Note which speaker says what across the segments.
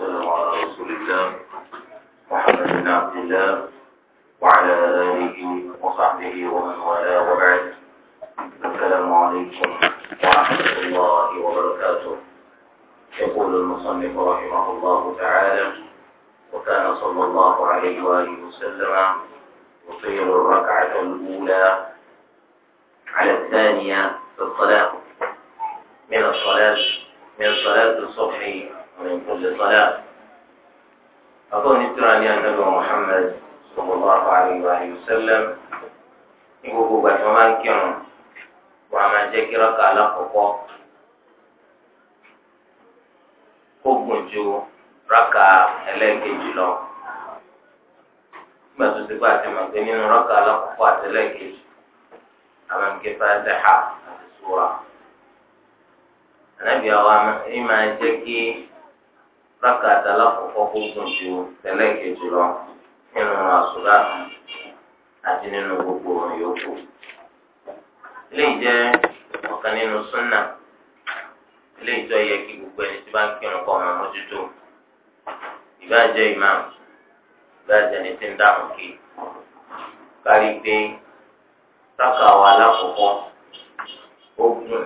Speaker 1: والسلام على رسول الله محمد
Speaker 2: بن عبد الله وعلى آله وصحبه ومن والاه وبعد السلام عليكم ورحمة الله وبركاته يقول المصنف رحمه الله تعالى وكان صلى الله عليه وآله وسلم يطيل الركعة الأولى على الثانية في الصلاة من الصلاة من صلاة الصبح ومن كل صلاة أظن التراني النبي محمد صلى الله عليه وآله وسلم يقول بجمان كم على قوة raka ẹlẹ́ẹ̀kejì lọ gbàtú sí pé àti raka alákọ̀ọ́kọ́ àti ẹlẹ́ẹ̀kejì àwọn nǹkan fẹ́ rákàtà lákòókò kó gùn ju tẹ́lẹ̀ kejì lọ nínú àsùbá àti nínú gbogbo yòókù. ilé ìjẹ́ ọ̀kan nínú súnà ilé ìjọ yẹ kí gbogbo ẹni tí bá ń kírun kọ́ ọmọ mójútó ìbáà jẹ́ imam ìbáà jẹ́ ẹni tí ń dáhùn kí kárí pé sáka wa lákòókò ó gùn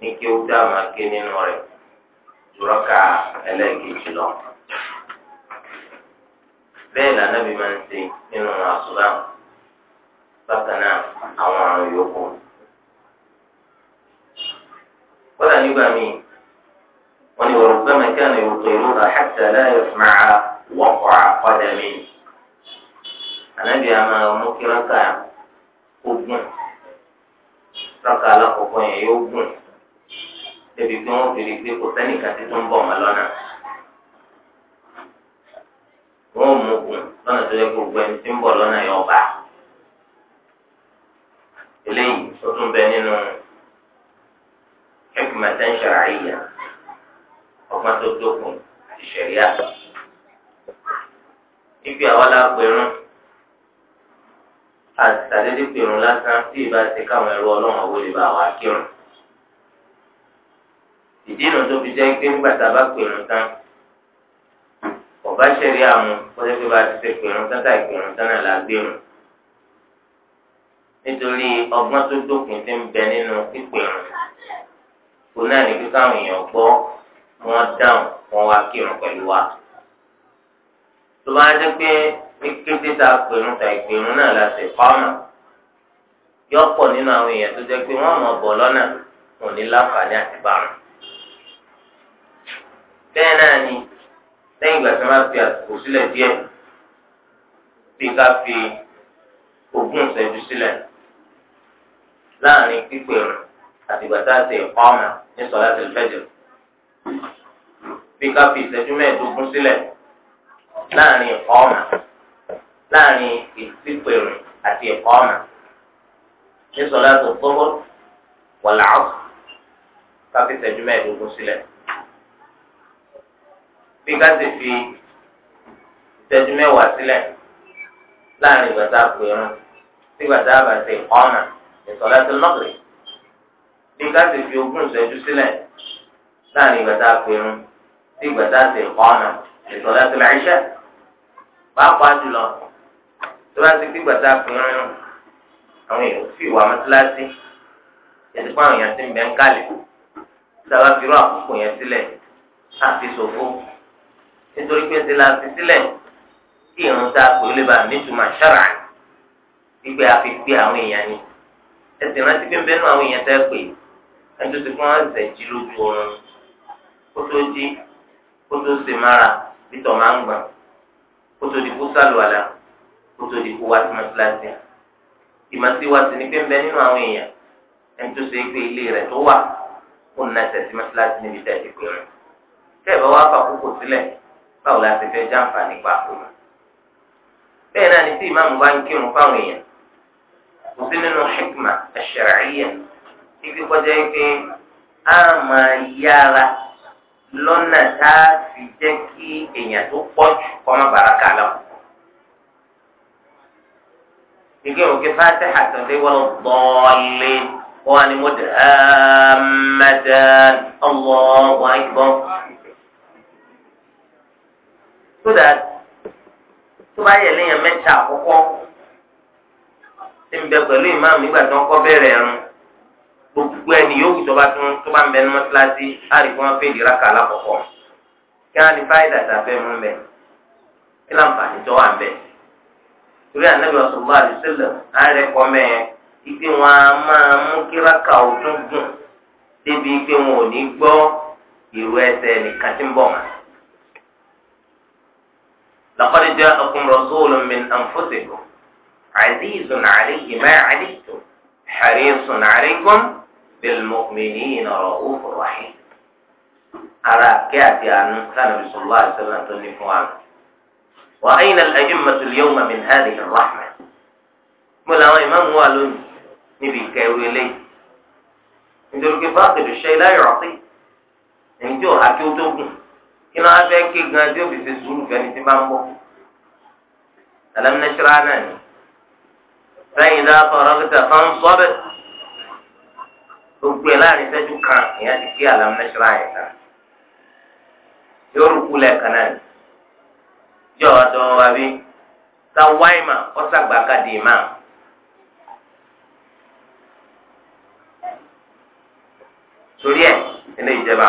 Speaker 2: ní kí ó dá màá ké nínú rẹ̀. ìrọ́kà ẹlẹ́ẹ̀kejì lọ. bẹ́ẹ̀ ni anábì máa ń ṣe nínú àṣùlá bákan náà àwọn àrùn yòókù. kódà nígbà míì wọ́n ní وربما كان يطيلون حتى لا يسمع وقع قدم anábì àmà mú kí ogun alákọ̀ọ́kọ́ yẹn yóò gùn. débi pé wọ́n fi rí pé kò sẹ́nìkan tí tó ń bọ̀ wọn lọ́nà. wọ́n mú ogun lọ́nà tó yẹ kó gbogbo ẹni tí ń bọ̀ lọ́nà yọ ọba. eléyìí ó tún bẹ nínú hikmatan shar'iyya ọgbọ́n tó dókun àti ṣẹ̀ríà. ibi àwa la pẹ̀rún àtàdédé pẹ̀rún lásán tí ìbá ti káwọn ẹrú ọlọ́run àwọn olè bá wa kírun ìdí ìnà tó fi jẹ́ pé nígbà tá a bá pè irun tán ọba ṣẹ̀rí àwọn kọ́jọ́ pé bá a ti ṣe pè irun tán táì pè irun tán náà la gbé irun nítorí ọgbọ́n tó dópin ti ń bẹ nínú pípè irun kò náà ní kíkọ́ àwọn èèyàn gbọ́ wọn dáhùn wọn wá kírun pẹ̀lú wa tó bá jẹ́ pé ní kété tá a pè irun táì pè irun náà la ṣe fáwọn yọ̀pọ̀ nínú àwọn èèyàn tó jẹ́ pé wọ́n mọ̀ bọ̀ lọ́nà òní láǹfààní àti bẹ́ẹ̀ náà ni lẹ́yìn ìgbà tí wọ́n bá fi àsìkò sílẹ̀ díẹ̀ bí ká fi ogún ìṣẹ́jú sílẹ̀ láàrin pípé rẹ̀ àti ìgbà tá a ti ẹ̀kọ́ ọmọ ní sọ̀láṣẹ̀ fẹ́jọ́ bí ká fi ìṣẹ́jú mẹ́ẹ̀ẹ́dógún sílẹ̀ láàrin ẹ̀kọ́ ọmọ láàrin ìpípé rẹ̀ àti ẹ̀kọ́ ọmọ ní sọ̀láṣẹ̀ fọ́fọ́ wàlàó ká fi ìṣẹ́jú mẹ́ẹ̀ẹ́dógún sílẹ̀ bí ká sì fi ìṣẹ́jú mẹ́wàá sílẹ̀ láàrin ìgbà tá a pè irun sígbà tá a bá ṣe ọ̀nà ìsọ̀lá tó lọ́kùnrin bí ká fi ogún ìṣẹ́jú sílẹ̀ láàrin ìgbà tá a pè irun sígbà tá a ṣe ọ̀nà ìsọ̀lá tó láìṣẹ́ pàápàá jùlọ tó bá ti gbígbà tá a pè irun àwọn èèyàn fi ìwà mọ́tíláṣí ẹ̀sìn fún àwọn èèyàn ti ń bẹ́ ń kálẹ̀ sábà fi irú àkókò yẹn sílẹ̀ àfi ṣòfò nítorí pé ṣe la fi sílẹ̀ kí irun tá a pè ó lè bá nítumọ̀ ṣára wípé a fi pé àwọn èèyàn ni ẹsìn rántí pé ń bẹ́nu àwọn èèyàn tẹ́ pé ẹni tó ti fún wọn ṣẹ̀ jí lójú oorun kó tó jí kó tó ṣe mára bítọ̀ máa ń gbà kó tó di kó sálùwàlà kó tó di kó wá sí mọ́tíláṣí ìmọ̀tí wa sì ni pé ń bẹ nínú àwọn èèyàn ẹni tó ṣe pé ilé rẹ̀ tó wà kó nà ṣẹ̀ sí mọ́tíláṣí níbi tẹ̀ ti pè rẹ̀ tẹ́ẹ̀ bá wá fà kókò sílẹ̀ báwo la ti fẹ́ jàǹfààní papò bẹ́ẹ̀ náà ni tí ìmáàmù bá ń kírun fáwọn èèyàn kò sí nínú hikma ash-shar'iyya kíkí pé a máa yára lọ́nà tá a fi jẹ́ kí èèyàn tó pọ̀ jù kọ́ má bàrà lọ. Ìgbé òkè so that tó bá yẹ lẹ́yìn mẹ́ta àkọ́kọ́ tí ń bẹ pẹ̀lú ìmáàmù nígbà tí wọ́n kọ́ bẹ̀rẹ̀ ẹ̀rùn gbogbo ẹni yóò wù tó bá tún tó bá ń bẹ ní mọ́tíláṣí á rí fún wọn pé ìlera kà lákọ̀ọ́kọ́ kí wọ́n á ní fáyidà tàfẹ́ mú bẹ́ẹ̀ kí láǹfààní tó wà bẹ́ẹ̀ torí ànábì ọ̀sọ̀gbọ́n àdìsílẹ̀ á rẹ̀ kọ́ mẹ́ẹ̀ ipe wọn a máa mú kíráka ọdún gùn débi pé wọn ò ní gbọ́ ìró ẹsẹ̀ nìkan tí ń bọ̀ wọn. لقد جاءكم رسول من أنفسكم عزيز عليه ما عنتم حريص عليكم بالمؤمنين رؤوف رحيم أن كان صلى الله عليه وسلم وأين اليوم من هذه الرحمة ملا والون نبي كيوي لي ò gùn kí ló wá fẹ́ ké gan tí òbí fi sùúrù fẹ́ni tí bá ń bọ̀. alam nashra náà ni sẹ́yìn dá fọ̀rọ̀ kí tẹ̀ fọ́n sọ́bẹ̀ gbogbo ẹ̀ láàrin sẹ́jú kan ìyá ti ké alam nashra yẹn kan yóò rúkú lẹ́ẹ̀kan náà ni yọ ọ̀dọ̀ wa bí ta wáìmà ọ̀sàgbàkadì máa. torí ẹ ilé ìjẹba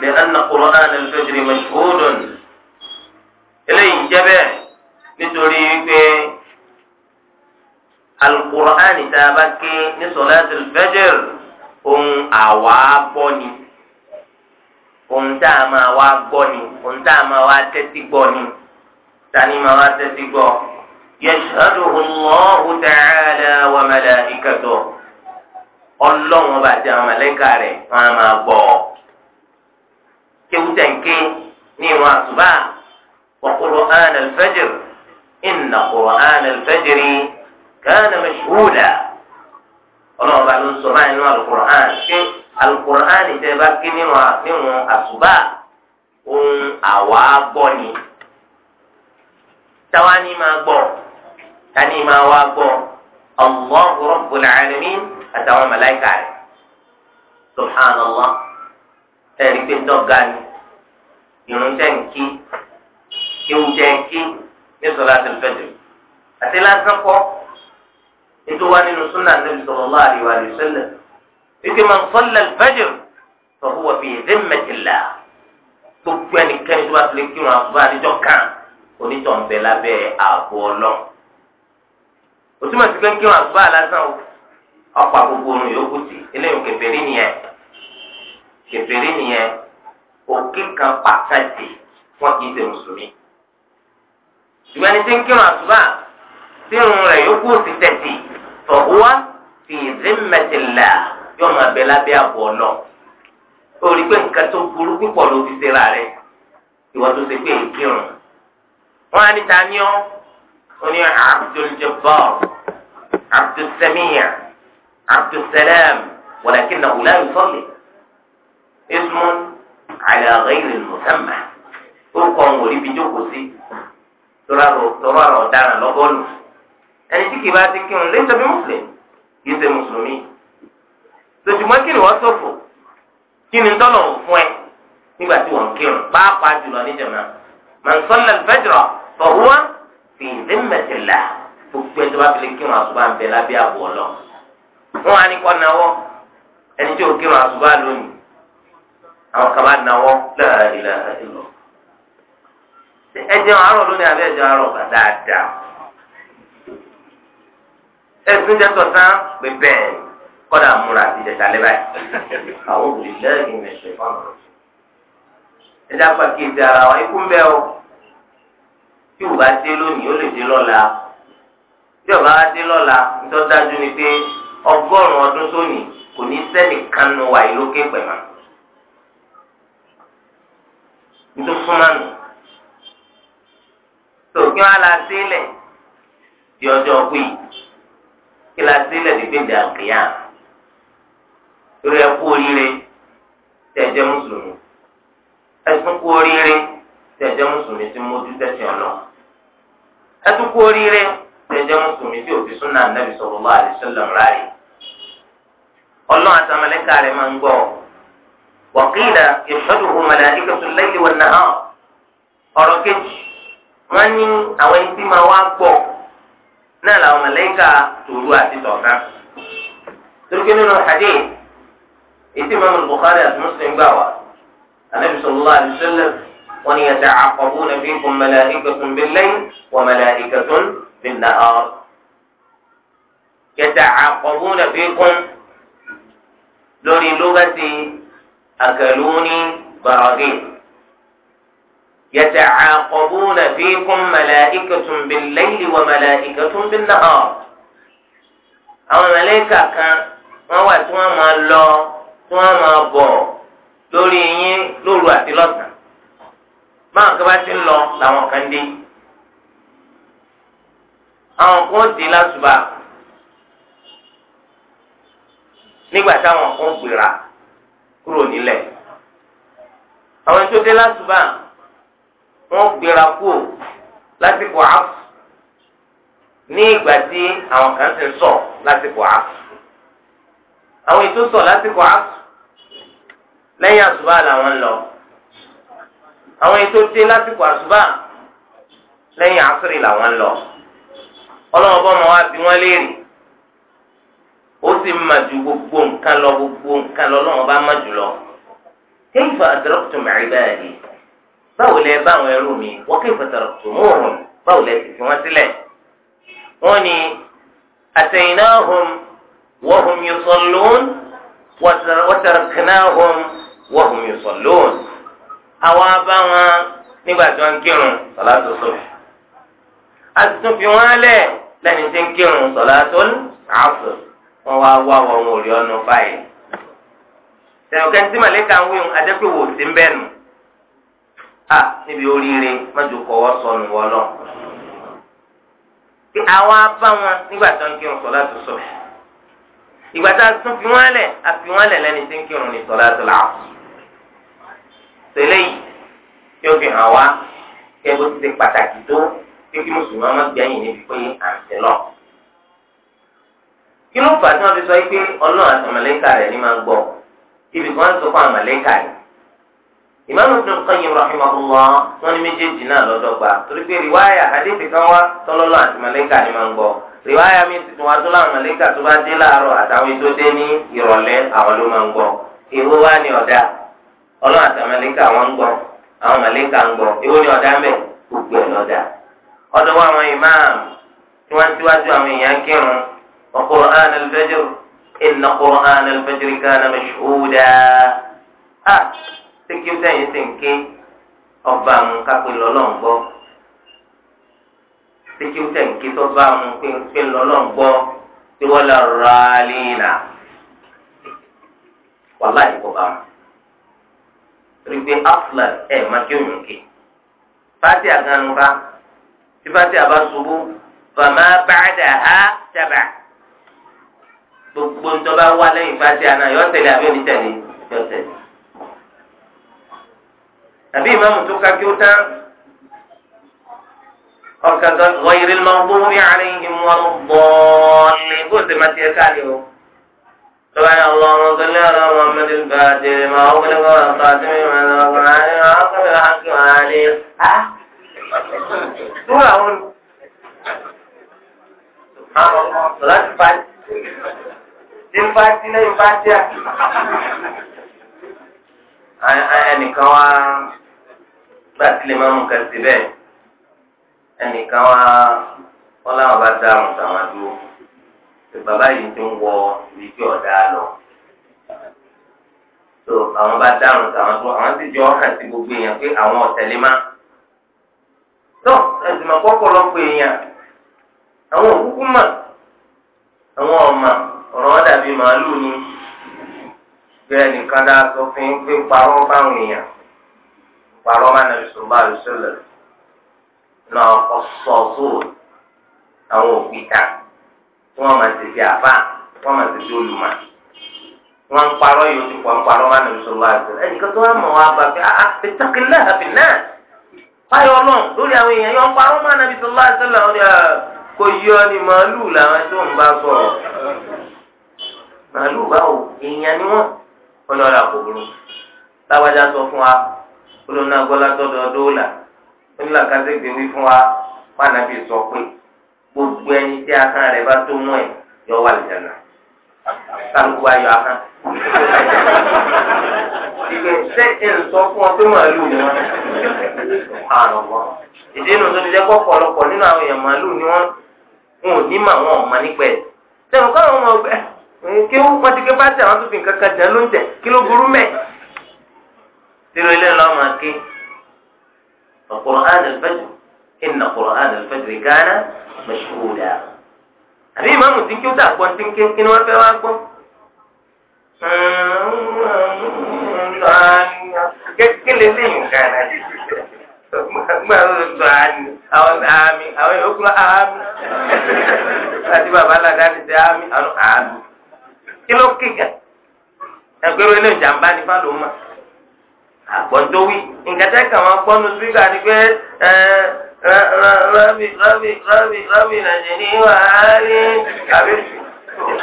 Speaker 2: لأن قرآن الفجر مشهود eléyìí jẹ́ bẹ́ẹ̀ nítorí wípé alukur'ani tá a bá ké ní sọláàtì fẹjẹr ohun àwa gbọ́ ni ohun tá a máa wá gbọ́ ni ohun tá a máa wá tẹ́tí gbọ́ ni tani máa wá tẹ́tí gbọ́ yashhaduhu Allahu ta'ala wa malaikatuhu ọlọ́run bá ti àwọn màláíkà rẹ̀ wọ́n á máa gbọ́ الفجر إن قرآن الفجر كان مشهودا ọlọ́run bá ló ń sọ báyìí nínú alukur'an ṣé alukur'an tẹ bá kí nínú àfihàn àṣùbà ohun àwa gbọ́ ni táwa ní máa gbọ́ tani máa wá gbọ́ Allahu Rabbul Alamin àtàwọn màláíkà rẹ̀ subhanallah ẹ̀rí pé dọ́gba ni irun tẹ̀ ń kí kéwù jẹ́ kí ní sọ̀látul fajr àti lásán kọ́ ètò wa nínú súnà Nabi sallallahu alaihi wa sallam wípé man salla al-fajr fa huwa fi dhimmatillah gbogbo ẹnikẹ́ni tó bá tilẹ̀ kírun àbúrò àdìjọ kan onítọ̀nbẹ lábẹ́ ààbò ọlọ́run òtúmọ̀ sí pé kírun àbúrò àlásán o ọ̀pọ̀ àgbogbo orun yòókù sí eléyìí kèfèrí nìyẹn kèfèrí nìyẹn òkè kan pàtàkì wọn kì í ṣe mùsùlùmí ṣùgbọ́n ẹni tí ń kírun àsùbá tí irun rẹ̀ yókù ti tẹ̀sí tọ̀húwá fi zimmatillah yóò máa bẹ lábẹ́ àbọ̀ ọ̀nà ó rí pé nǹkan tó burú púpọ̀ ló fi ṣe ra rẹ̀ ìwọ́n tó ṣe pé ń kírun. wọ́n á ní ta ó ní Abdul Jabbar Abdul Samia Abdul Salam walakinahu la yusalli ismun ala ghayri al-musamma orúkọ òun ò rí bí jókòó sí tọrọ àrò ọ̀daràn lọ́gọ́nù ẹni tí kì bá ti kírun lè tẹ̀lé mùsùlùmí kì í ṣe mùsùlùmí tòṣùmọ́ kí ni wọ́n sọ̀fọ̀ kí ni tọ́lọ̀ fún ẹ nígbà tí wọ́n kírun pàápàá jùlọ níjàmá man salla al-fajra fa huwa fi zimmatillah gbogbo ẹni tó bá fi lè kírun àsùbá ń bẹ lábẹ́ àbọ̀ wọn á ní kọ́ ẹni tí ò kírun àsùbá lónìí àwọn kan náwọ́ la ẹ jẹun àárọ̀ lónìí àbí ẹ jẹun àárọ̀ gbà dáadáa ẹsùn jẹ sọsán pé bẹ́ẹ̀ kódà múra àti ìjẹta lẹba yìí àwọn òbílẹ ìgbìmọ̀ ẹsẹ fọmọ ẹjẹ apàkíyèsí ara wa ikú ń bẹ o tí o bá dé lónìí ó lè dé lọ́la tí o bá dé lọ́la nítorí dájú ni pé ọgọ́rùn ọdún sóní kò ní sẹ́nìkan nu wàyí lókè pẹ̀lú nítorí fún mánu. sọ̀kí wọn la sílẹ̀ di ọjọ́ kú kí la sílẹ̀ di gbèdé àkìyà torí ẹ kú oríire tẹ mùsùlùmí ẹ kú oríire tẹ mùsùlùmí tí mójú tẹ̀sán ọ̀nà ẹ kú oríire tẹ mùsùlùmí tí òfin súnà nàbì sallallahu alaihi wasallam ráàyè ọlọ́run máa ń gbọ́ ọ̀rọ̀ kejì. wọ́n ní àwọn ẹni tí máa wá gbọ́ náà làwọn mọ̀lẹ́kà tòru àti tọ̀sán. turkey nínú hadith ètí ìmọ̀mù Bukhari àti Muslim gbà wá anabi sallallahu alayhi wa sallam wọn ni yàtọ̀ àkọ́bù na fi kún mẹlẹ́kẹ̀tún bí lẹ́yìn wọ mẹlẹ́kẹ̀tún bí nàá. yàtọ̀ àkọ́bù na fi kún lórí lóbàtì àkàlùní bàrọ̀dìn. يتعاقبون فيكم ملائكة بالليل وملائكة بالنهار àwọn mẹlẹ́kà kan wọ́n wà tí wọ́n máa lọ tí wọ́n máa bọ̀ lórí yín lóru àti lọ́sàn-án báwọn kan bá ti ń lọ làwọn kan dé àwọn kan dé lásùbà nígbà táwọn Wọn gbéra kúò lásìkò àfù ní ìgbà tí àwọn kan ti sọ lásìkò àfù àwọn ètò sọ lásìkò àfù lẹ́yìn àsùbá làwọn lọ àwọn ètò dé lásìkò àsùbá lẹ́yìn àsìrì làwọn lọ ọlọ́wọ́ bọ́ wa bí wọ́n léèrè ó sì má ju gbogbo nǹkan lọ gbogbo nǹkan lọ lọ́wọ́ bá má jù lọ kéyìí fún àdúrà tó báyìí. báwo lẹ bá àwọn ẹrú mi wọ́n kí ìfọ̀tàrọ̀ tó mú òun báwo lẹ sì fi wọ́n sílẹ̀. wọ́n ní àtẹ̀yìnáhùn wọ́hùn yusọ̀lún wọ́tàrọ̀kìnáhùn wọ́hùn yusọ̀lún. àwa bá wọn nígbà tí wọ́n ń kírun sọ̀látò sọ̀rọ̀. a ti tún fi wọ́n lẹ̀ lẹ́ni tí ń kírun sọ̀látò àfọ̀ wọ́n wá wá wọn ò rí ọ̀nà báyìí. tẹ̀wọ̀kẹ́ tí màlẹ́kà ń a níbi oríire mẹ́jọ kọ́wọ́ sọnù wọlọ́ pé àwa bá wọn nígbà tó ń kírun sọlá tó sọ ìgbà tá a tún fi wọn lẹ̀ a fi wọn lẹ̀ lẹ́ni tí ń kírun ní sọlá tó làwọn tẹ́lẹ̀ yìí tí ó fi hàn wá kẹ́ bó ti ṣe pàtàkì tó pé kí mùsùlùmí ọmọ gbẹ̀yìn níbi pé à ń tẹ lọ. kí ló fà tí wọ́n fi sọ pé ọlọ́run àti màlẹ́kà ni máa gbọ́ ibì kan sọ fún àmàlẹ́kà rẹ̀ ìmáàmù Ibn Qayyim rahimahullah wọn ní méjèèjì náà lọ́dọ̀gba torí pé rìwáyà àdéhùn kan wá tọ́lọ́lọ́ àti màlẹ́kà ni máa ń gbọ́ rìwáyà mi ti tún wá tó láwọn màlẹ́kà tó bá dé láàárọ̀ àtàwọn ètò dé ní ìrọ̀lẹ́ àwọn ló máa ń gbọ́ ìwọ wá ní ọ̀dà ọlọ́run àti màlẹ́kà wọn ń gbọ́ àwọn màlẹ́kà ń gbọ́ ìwọ ní ọ̀dà mẹ́ gbogbo ẹ̀ lọ́dà ọ̀dọ̀ wa àwọn ìmáàmù tí wọ́n síwájú àwọn èèyàn kírun wa ṣé kí ó sẹ́yìn sì ń ọba àwọn kápẹ́ lọ́lọ́run ṣé kí ó sẹ́yìn ké tọ́ba àwọn pé lọ́lọ́run gbọ́ wọ́n lọ rà á léèlà wàhálà ìkọ̀bà rí pé aflan ẹ̀ máa kí òyìn ké fati àgànùbá tí fati àbá ṣubú fàmà bàdà á gbogbo ntọ́ba wà lẹ́yìn àná tẹ̀lé àbí onítẹ̀lé tàbí ìmáàmù tó ka kí ó tán ọ̀kà kan wọ́yìrì mọ́gbóhùnmí àárín ìmọ̀ràn bọ́ọ̀lì kó o sì máa tiẹ̀ káàlì o. سبحان اللهم صل على محمد الفاتح لما أغلق والخاتم لما سبق العالي وعاقب الحق وعليه ها؟ شو أقول؟ سبحان الله صلاة الفاتح ìfàtí náà ìfàtí à. ẹnìkan wá bá ma máa mú kẹsì bẹ́ẹ̀ ẹnìkan wá wọn bá dá àwọn sàmà dúró pé bàbá yìí ti ń wọ lọ tó àwọn bá àwọn sàmà dúró àwọn jọ hàn sí gbogbo èèyàn pé àwọn ọ̀tẹ̀lẹ̀ má tó ẹ̀sìn máa kọ́kọ́ lọ́pọ̀ èèyàn parọ́ máa nàbí sọ̀rọ̀ àlùsọ̀lẹ̀ náà ọ̀sọ̀ọ̀sọ̀ àwọn òpìta tí wọ́n máa tètè àbá wọ́n máa tètè olùmọ̀ wọ́n ń parọ́ yìí ó ti pọ̀ ń parọ́ máa nàbí sọ̀rọ̀ àlùsọ̀lẹ̀ ẹnìkan tó wà mọ̀ wá bá pé àtẹ̀tẹ̀kẹ̀lẹ̀ àbí náà báyọ̀ náà lórí àwọn èèyàn yọ ń parọ́ máa nàbí sọ̀rọ̀ àlùsọ̀lẹ̀ ọ̀rẹ́ kò yọ ni màálù làwọn tó ń bá sọ̀rọ̀ màálù báwo èèyàn ni wọ́n ọlọ́ọ̀lá kò burú sọ fún wa olóńgbò agbọ́lá tọ́dọ̀ dóòlà onílà kásẹ̀gbẹ̀ wí fún wa pànàbí sọ pé gbogbo ẹni tí akán rẹ̀ bá tó mú ẹ̀ yọ wà lìjànà kálukú wa yọ akán. ìgbẹ́ ṣé ẹ ń sọ fún ọ pé màálù ni wọ́n àrùn wọn. ìdí inú tó ti jẹ́ pọ̀ pọ̀lọpọ̀ nínú àwọn èèyàn màálù ni wọ́n wọn ò ní mà wọn ò mọ nípa ẹ̀. sẹ́wọ̀n káwọn ọmọ ọgbẹ́ kí wọ́n ti ké bá tẹ̀ àwọn tó fi nǹkan kan jẹ́ ló ń tẹ̀ kí ló burú mẹ́ẹ̀ tíró ilé lọ́mọ ké Qur'an al-Fajr inna Qur'an al-Fajr kana mashhuda àbí ìmáàmù tí ń ké ó dà gbọ́n tí ń ké kí ni wọ́n fẹ́ wá gbọ́. kí lè léyìn gánà gbà ló sọ àmì àwọn àmì àwọn yòókù àmì àti bàbá aládàá ti àmì àwọn àmì kí ló kéka ẹgbẹ́rún ilé ìjàmbá ni fáwọn ló àgbọ̀ndówí nǹkan tẹ́ kàn wọ́n gbọ́nu sígá ni pé rami rami rami rami nàìjíríà ní wàhálì àbí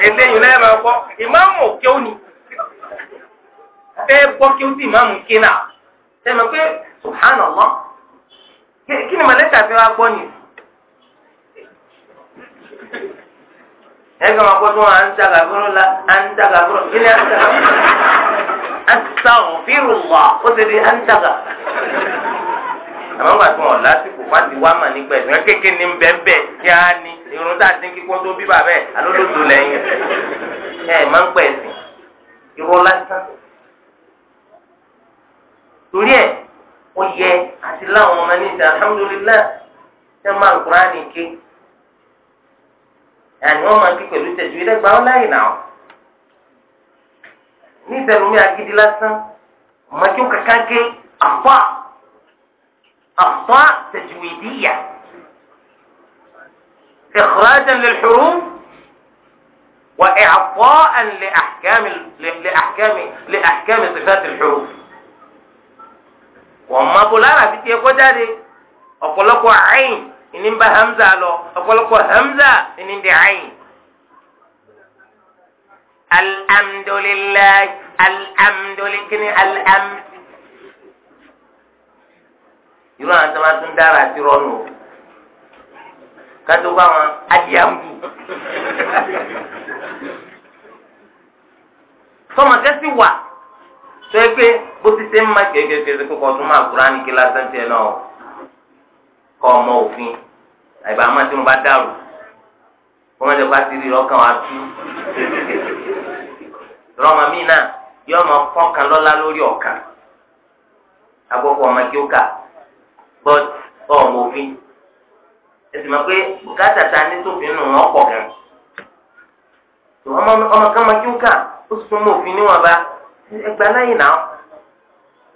Speaker 2: eléyìí lẹ́yìn máa kọ́ ìmáàmù òkè òní fẹ́ gbọ́ kí ó sì ìmáàmù ké náà tẹ́lẹ̀ pé subhanallah kí ni mọ̀lẹ́kà fi wá gbọ́ ni ẹ̀ka máa gbọ́ tí wọ́n à ń dàgàfúrò la à ń dàgàfúrò kí ni à ń dàgàfúrò. astagfirullah ó ti di antaga àmọ́ gbàtí wọn lásìkò fáti wá mà nígbà ẹ̀sìn ni ní bẹ́ẹ̀bẹ́ẹ̀ kí á ní irun tá a ti ń kíkọ́ tó bí bàbá alólòdò lẹ́yìn ẹ̀ máa ń pẹ̀ ẹ̀sìn irọ́ lásán torí ẹ̀ ó yẹ àti láwọn ọmọ ní ìsìn alhamdulilayi ṣe máa Kùránì ké ẹ̀ ni wọ́n máa kí pẹ̀lú tẹ̀síwìlẹ́gbàá náà. ní ìsẹ̀lómi agidi lásán ọmọ kí ó kankan ké àfọ́ àfọ́ tajwidiyya ikhrajan lil huruf wa i'ta'an li ahkam li ahkam li ahkam sifat al huruf wọ́n máa bọ̀ lára àfi tiẹ̀ kọjá ọ̀pọ̀lọpọ̀ ayin ìní ń bá hamza lọ ọ̀pọ̀lọpọ̀ hamza ìní ń bẹ ayin. alhamdulilayi alhamdulilayi kí ni alhamdulilayi irú àwọn tó máa tún dára àti rọnù o kátó bá wọn adiambu sọmọ kẹsì wà tó yẹ pé bó ti ṣe ń ma kéékèèké kókò tó máa kúrò ánìkí lásán tiẹ̀ náà kọ ọmọ òfin àyíbá máa tó ń bá dàrú wọ́n mẹ́jọ bá ti rí ọkàn wa tú. rọ́mọ mi náà yọ ọmọ kọ́kan lọ́la lórí ọ̀kan agbọ́kọ̀ ọmọ kí ó kà but ọmọ òfin ẹsìn máa pé bùkátà ta ní sófin nù wọn pọ̀ gan. ọmọ kan máa kí ó kà ó sì tún mọ òfin níwọ̀n ẹgbẹ́ aláyìn náà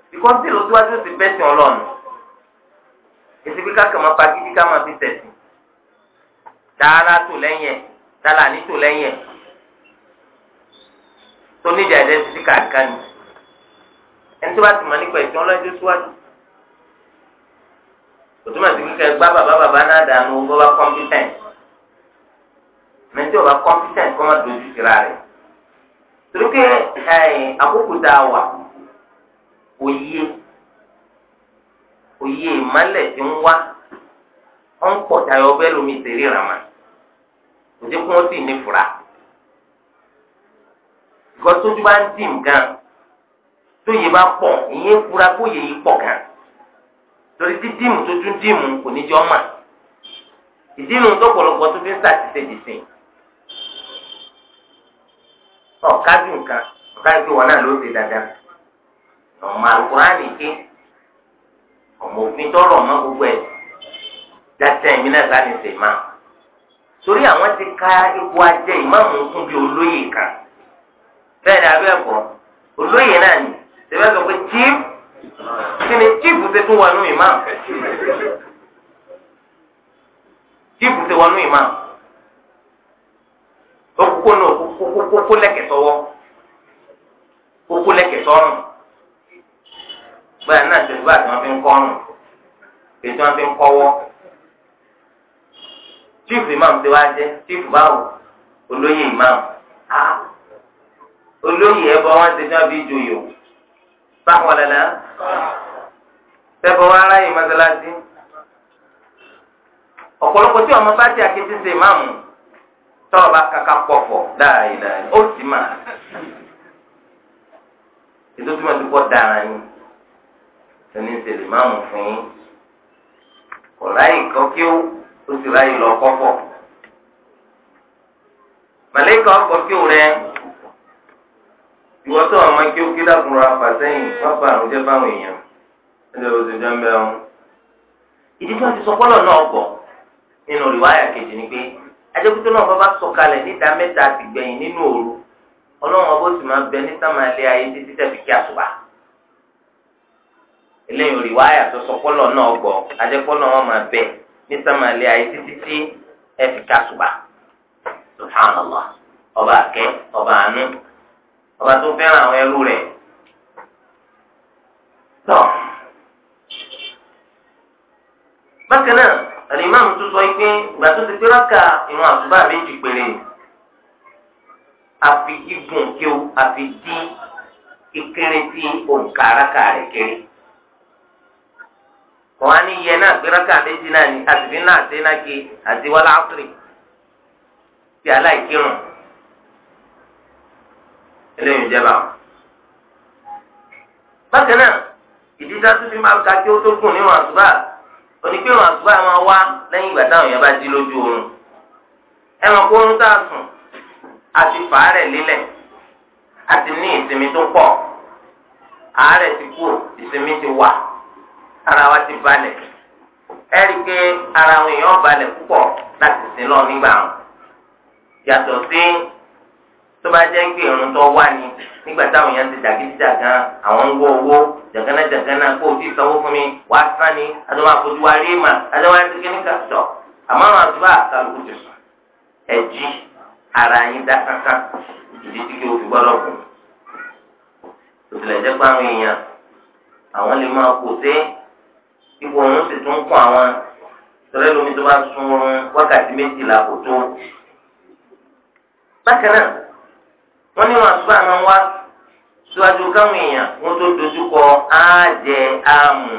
Speaker 2: bíkọ́ tí wájú ti bẹ́sìn ọlọ́run fi tẹ̀sìn. tààlà tò lẹ́yìn ẹ̀ tààlà ní lẹ́yìn ẹ̀ tó ẹ̀dẹ́ títí kàkà ni ẹni tó bá ti mọ̀ nípa ìtàn ọlọ́jọ́ síwájú kò túmọ̀ kíkẹ́ gbá bàbá bàbá náà dànù bó bá competent mẹ́tí ò bá kọ́ máa dojú síra rẹ̀ torí àkókò tá wà òye òye ìmálẹ̀ ti ń wá ó ń pọ̀ tayọ bẹ́ẹ̀ lómi ǹjẹ́ kí wọ́n sì ní fura ìkọ́ tójú bá ń tì gan tó yẹ bá pọ̀ ìyẹn fura kó yẹ yìí pọ̀ gan torí dídìmù tójú dìmù kò ní jọ mà ìdínú tọ́pọ̀lọpọ̀ tó fi ń sàtìsẹ́ dìsìn ọ̀kájú nǹkan ọ̀kájú wọn náà ló ṣe dáadáa ọmọ àlùkùránì ké ọmọ òfin tọrọ ọmọ gbogbo ẹ dáadáa èmi náà sáré ṣe máa torí àwọn ti ka ipò ajẹ ìmáàmù fún bí olóyè kan bẹ́ẹ̀ ni abẹ́ ẹ̀kọ́ olóyè náà ni ṣẹlẹ̀ sọ pé chief kí ni chief ṣe tún wọnú ìmáàmù chief ṣe wọnú ìmáàmù okoko náà kókó lẹ́kẹ̀ sọ́wọ́ kókó lẹ́kẹ̀ sọ́rùn bẹ́ẹ̀ náà ṣe bá wọn fi ń kọ́rùn ètò wọn fi ń kọ́wọ́ chief imam ti wá jẹ chief báwo olóyè imam ah olóyè ẹbọ wọn ti fẹ́ bí joyè o báwo lẹ́la tẹ́bọ̀ wá aráyè mọ́sálásí ọ̀pọ̀lọpọ̀ tí ọmọ bá ti àkété ṣe ìmáàmù tọ́ọ̀bá kàkà pọ̀pọ̀ dáàyè dáàyè ó sì mà ètò tí wọ́n ti pọ̀ dára ni ẹni ṣe ìmáàmù fún yín kò láyè kọ́ kí ó. ó sì ráyè lọ kọ́kọ́. màlẹ́kà ọkọ̀ kí o rẹ ìwọ tó àwọn máa kí ó kí dàkúnrọ̀ apàtẹ́yìn wọ́n bá báwọn èèyàn ẹ̀jẹ̀ bó ti jẹ́ ìdí tí wọ́n ti sọ pọ́lọ̀ náà gbọ̀ nínú kejì ni pé ajẹ́kútó náà bá sọ̀kalẹ̀ níta mẹ́ta ti gbẹ̀yìn nínú òru ọlọ́run ọbọ̀ sì máa bẹ ní sàmàlẹ́ ayé títí kí tó sọ pọ́lọ̀ náà gbọ̀ máa bẹ̀ n'isamali a izizi si efika suba. Nshan Allah ọba akẹ ọba anu ọba to fere awon elu re. So, mace naa al'imamu tụtụtụ ọikpe gbasote tụlọ ka inu abubuwa meji pere a fi igbu nke a fi di ikere ti o nka ara ka a wọn á ní yẹ náà gbéraka méjì náà ní àtìbí náà àti náàgé àti wàlá àtúrì ti aláìkírun eléyìí ń jẹba. bákan náà ìdíjà tó fi máa ka kí ó tó kùn nínú àsùbà onígbèrò àsùbà máa wá lẹ́yìn ìgbà táwọn èèyàn bá jí lójú oorun ẹ̀wọ̀n kó ń tà sùn àti fàárẹ̀ lílẹ̀ àti ní ìsinmi tó pọ̀ àárẹ̀ ti kú ìsinmi ti wà. ara wa ti balẹ̀ erike pé ara àwọn èèyàn balẹ̀ púpọ̀ láti sin lọ nígbà wọn yàtọ̀ sí tó bá jẹ́ pé irun tó wà ní nígbà táwọn èèyàn ti dàgídíjà gan àwọn ń wọ owó jàgánná kó o ti sanwó fún mi wàá sán ni wa rí mà àdéhùn àti kíníkà sọ àmọ́ àwọn àdúrà àkàlùkù ti sùn ara yín dá kankan ìdí tí kò fi gbọ́dọ̀ òtún lè jẹ́ pé àwọn èèyàn àwọn lè máa kó ipò òun sì tún kún àwọn tọ́lẹ́ lómi tó bá sun wákàtí méjìlá kò tó. bákan náà wọ́n ní wọn àṣọ àwọn wá síwájú káwọn èèyàn wọ́n tó dojú kọ ájẹ àmù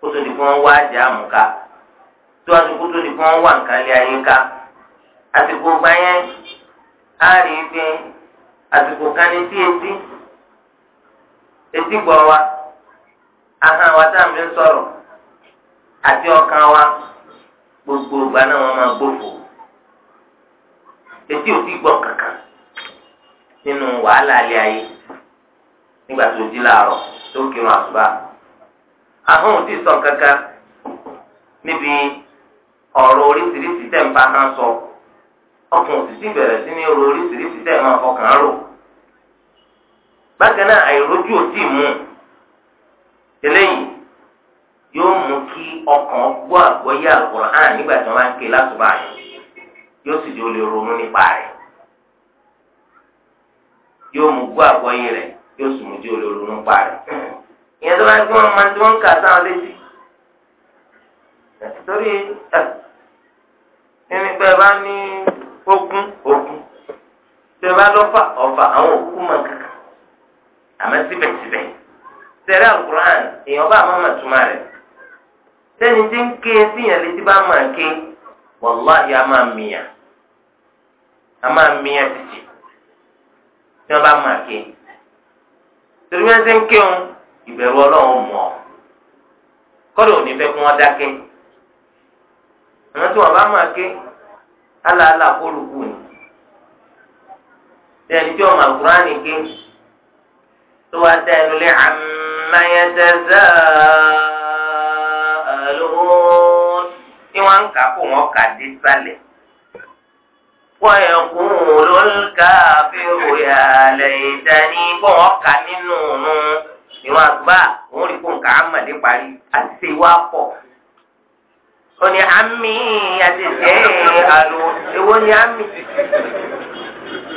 Speaker 2: kó tó di kí wọ́n wá ájẹ àmù ká síwájú kó tó di kí wọ́n wá nǹkan lé ayé ká àsìkò gbáyẹn á rí àsìkò kan sí etí etí gbọ́ wa ahọ́n wa tá à ń fi àti ọkàn wa gbogbo ìgbà náà wọn máa gbófò etí ò ti gbọ kankan nínú wàhálà alẹ́ ayé nígbà tó di láàárọ̀ tó kírun àsùbá ahọ́n ò ti sọ kankan níbi ọ̀rọ̀ oríṣiríṣi tẹ̀ ń bá hàn sọ ọkàn bẹ̀rẹ̀ sí ní ọ̀rọ̀ oríṣiríṣi tẹ̀ máa yóò mú kí ọkàn gbọ́ àgbọ́yé àlùkùránì nígbà tí wọ́n bá ń ké lásùbà yẹn yóò sì di olè ronú nípa rẹ̀ yóò mú gbọ́ àgbọ́yé rẹ̀ yóò sì mú di olè ronú nípa rẹ̀ ìyẹn tó bá ń tí wọ́n ń kà sáwọn létí torí ẹni bá ní ogún ogún bá lọ́fà ọ̀fà àwọn òkú mọ̀ àmọ́ síbẹ̀síbẹ̀ sẹ́ni tí ń ké síyàn létí bá máa ké wàláhì á máa mìíyàn á máa mìíyàn títì tí wọ́n bá máa ké torí ṣe ń ké wọn ìbẹ̀rù ọlọ́run mọ̀ ọ́ kọ́dọ̀ ò ní fẹ́ kí wọ́n dákẹ́ tí wọ́n bá máa ké alaala kólukú ni máa ń kà kó wọn kà dé sálẹ̀. wọ́yẹ̀kùn lólùkà fèrò yà lẹ́yìn dání kó wọn kà nínú òun ìwọ̀n àgbà òun rí kó nǹkan àmàlé parí àti ìwà pọ̀. ó ní àmì àti àlò èwo ni àmì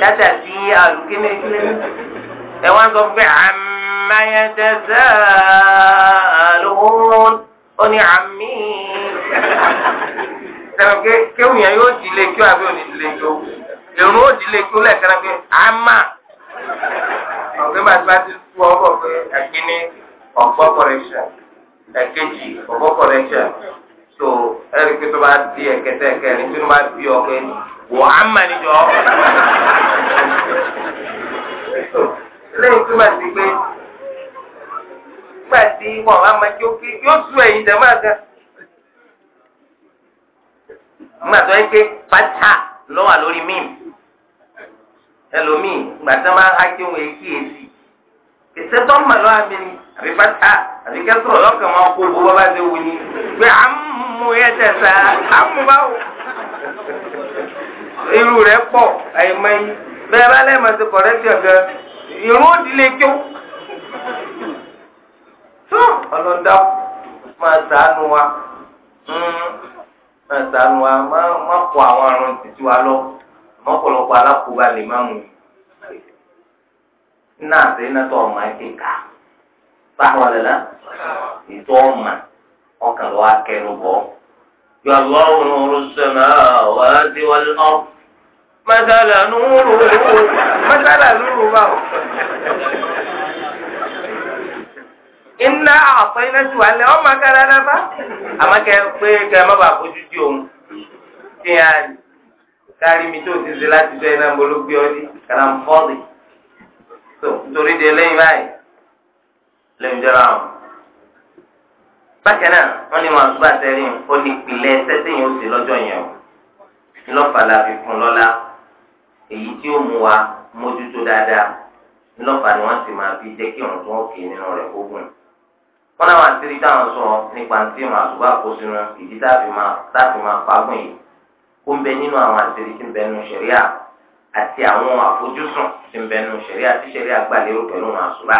Speaker 2: látàbí àlò kékeré ẹ wá sọ pé àmì ayẹyẹ tẹsán àlò ó ní àmì. sẹ́wọ̀n ké kéwù yẹn yóò di le kí àbí di le o èrò di le kí o lẹ́ẹ̀kan náà pé àmà ọ̀gbẹ́ bá ti bá ti pé ẹ̀kíní ọ̀gbọ́ correction ẹ̀kejì ọ̀gbọ́ correction tó ẹ̀rí pé tó bá di ẹ̀kẹtẹ̀ ẹ̀kẹrin tó bá di ọ̀gbẹ́ wò àmà níjọ́ lẹ́yìn tó bá ti gbé nígbà wọn kí yóò máa nígbà tó yẹ pé pátá ló wà lórí míìm ẹlòmíì ìgbà tó máa ń hákí ohun èyí èsì èsì tó ń mọ̀ lọ́wọ́ àmì ni àbí pátá àbí kẹ́sìrò lọ́kàn máa kó owó bá ṣe wù ní pé àmú yẹ tẹ̀sà àmú báwo irú rẹ̀ pọ̀ àyèmọ́ yìí bẹ́ẹ̀ bá lẹ́ẹ̀ máa ṣe kọ̀rẹ́tì ọ̀gá irun òdìlé kí ó tó ọlọ́dà máa sàánú wa. ti ti wa lọ mọ́pọ̀lọpọ̀ alákòóbá lè má mú iná àti iná tó ọmọ ẹ ti kà sáwọn lẹ́la ètò ọmọ ọkàn lọ́wọ́ akẹ́nu bọ́. يالله iná iná tí wà ọmọ náà bá àmọ́ kẹ́ pé kẹ́ má kárí mi tó ti ṣe láti jọ iná mo ló gbé ọ dé kàrà ń fọ́ọ̀dì tó nítorí de lẹ́yìn báyìí lẹ́yìn jọra wọn. bákan náà wọ́n ní wọn àgbà sẹ́rìn ó ní ìpìlẹ̀ sẹ́sẹ̀yìn ó sì lọ́jọ́ yẹn o ńlọ́fà la fi fún lọ́la èyí tí ó mú wa mójútó dáadáa ńlọ́fà ni wọ́n sì máa fi jẹ́ kí ọ̀run tó ń nínú rẹ̀ kógun wọn náà wà sírí táwọn sọ nípa tí wọn àtúbà kó sínú ìdí táàfin máa fagbọn yìí ó ń bẹ nínú àwọn àṣírí tí ń bẹ nínú ṣẹ̀ríà àti àwọn àfojúsùn tí ń bẹ nínú ṣẹ̀ríà tí ṣẹ̀ríà gbà lérò pẹ̀lú wọn àṣùbà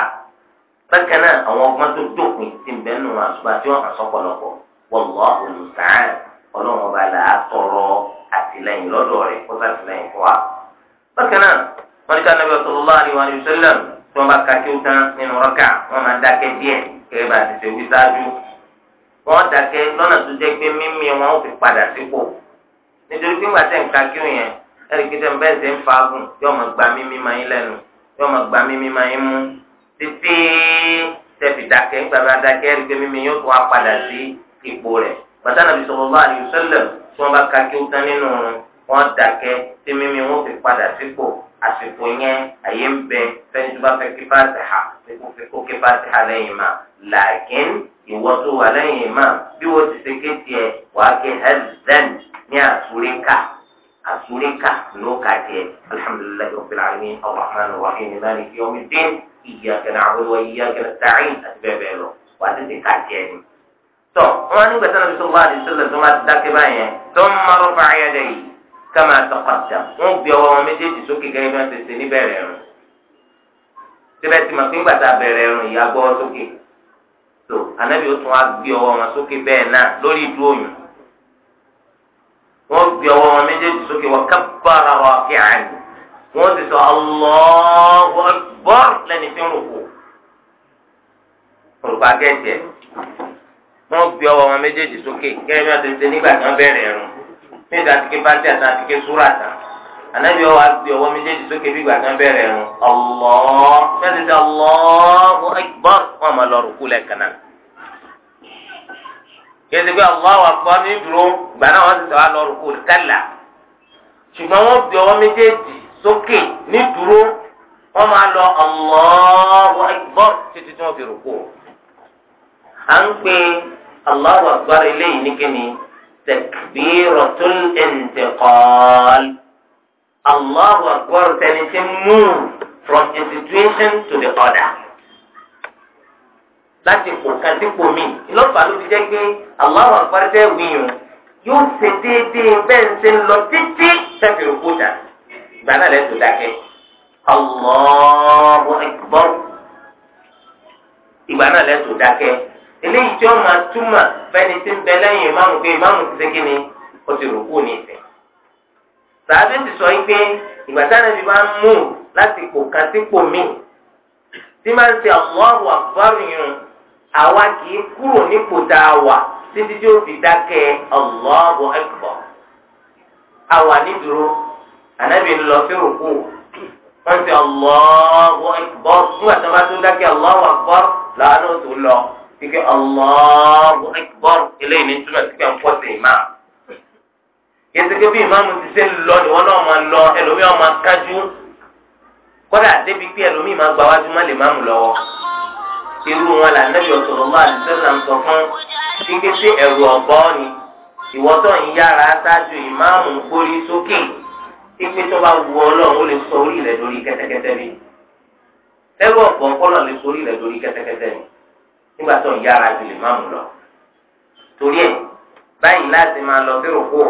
Speaker 2: bákan náà àwọn ọgbọ́n tó dópin tí ń bẹ nínú wọn àṣùbà tí wọ́n kà sọ́pọ̀lọpọ̀ wallahu musta'an ọlọ́run ọba là á tọrọ àtìlẹ́yìn lọ́dọ̀ rẹ̀ kó sàtìlẹ́yìn fún wa. bákan náà wọ́n ní ká nàbẹ́ sallallahu alaihi wa sallam tí wọ́n bá ka kí ó tán nínú rọ́kà wọ́n máa dákẹ́ díẹ̀ kẹ́rẹ́ bá ti ṣe wí sáájú. wọ́n dákẹ́ lọ́nà tó jẹ́ pé mímí wọn ó fi padà sípò nítorí pé ńgbà tẹ̀ ń ka kírun yẹn ẹ̀rí pé tẹ̀ ń bẹ́ẹ̀ sẹ́ ń fagùn yóò máa gba mímí máa yín lẹ́nu yóò máa gba mímí máa yín mú títí tẹ̀fì dákẹ́ ńgbà bá dákẹ́ ẹ̀rí pé mímí yóò tún wá padà sí ipò rẹ̀ bàtà nàbí sallallahu alaihi wasallam tí wọ́n bá ka kí ó tán nínú wọn dákẹ́ tí mímí wọn fi padà sípò àsìkò yẹn àyè ń bẹ fẹ́ni tó bá fẹ́ kí fásitì ha kó làákín ìwọ tó wà lẹ́yìn imam bí wọ́n ti ṣe kéde ẹ̀ wàá ké hezden ní àsúríkà àsúríkà ló kà jẹ́ alhamdulilayi rabbil alamin arrahman arrahim maliki yawmiddin iyyaka na'budu wa iyyaka nasta'in àti bẹ́ẹ̀ bẹ́ẹ̀ lọ wàá tètè kà jẹ́ ni. tọ́ wọn nígbà tí wọn fi sọ́kọ́ àti sọ́lẹ̀ tó máa ti dákẹ́ báyẹn tó ń marọ́ fàáyàdẹ́ so anabi ó tún wá gbé ọwọ́ wọn sókè bẹ́ẹ̀ náà lórí ìdú gbé wọn méjèèjì sókè kábàárà wọn kí ti sọ ń akẹ́kẹ́ gbé wọn méjèèjì sókè àti nígbà tí bẹ̀rẹ̀ ẹ̀rùn nígbà tí kí bá tẹ̀ kí súrà tán. anabi ọwọ agbe ọwọ́ méjèèjì sókè bí gbàgbé bẹ̀rẹ̀ ẹrun Allah fẹsẹ sẹ Allahu akbar wọn máa lọ rùkú lẹ́ẹ̀kan náà kẹsì pé Allahu akbar ní dúró gbà náà wọn sì sọ wà lọ rùkú kálá ṣùgbọ́n wọn gbé ọwọ́ méjèèjì sókè ní dúró wọn máa lọ Allahu akbar títí tí wọn fi rùkú à ń pè Allahu akbar eléyìí Allah was ẹni tí move from a situation to the other láti kò kan dípò mi ìlọ́pàá ló fi jẹ́ pé Allahu Akbar wíyùn yóò ṣe déédéé bẹ́ẹ̀ ń ṣe ń lọ títí sẹ́fì rúkúta ìgbà náà lẹ́sùn dákẹ́ Allahu Akbar ìgbà náà lẹ́sùn dákẹ́ eléyìí tí ó máa túmọ̀ fẹ́ni tí ń bẹ lẹ́yìn ìmáàmù pé ìmáàmù ti ṣe kí ni ó ti rúkú ní ìsìn sàbí ti sọ yìí pé ìgbà táwọn ẹbí máa ń mú láti kò kan sípò míì tí máa ń ṣe Allahu Akbar yun àwa kì í kúrò nípò tá a wà títí tí ó fi dákẹ́ Allahu Akbar àwa nídúró ànábì ń lọ sí rúkú wọ́n ṣe Allahu Akbar nígbà tí wọ́n bá tún dákẹ́ Allahu Akbar làánú tó lọ kíkẹ́ Allahu Akbar eléyìí ní túmọ̀ sí pé ń pọ̀ sí ìmáà kẹsẹkẹ bí ìmáàmù ti se lọ ni wọn náà máa lọ ẹlòmíì ọmọ akájú kódà débi pé ẹlòmíì máa gba wájú má lè máàmù lọ́wọ́ irú wọn là nẹbi ọsọrọ bá àdìsẹlẹ sọ fún kíkẹ sí ẹrù ọgbọ ni ìwọtọ yìí yára ṣáájú ìmáàmù gbórí sókè ipe tó bá wù Ọlọ́run ó lè sọ orí rẹ̀ lórí kẹ́tẹ́kẹ́tẹ́ mi ẹrù ọgbọ kọlọ lè sọ orí rẹ̀ lórí kẹ́tẹ́kẹ́tẹ́ mi nígbà tó ń yára ju ìmáàmù lọ torí ẹ báyìí láti máa lọ sí rògbò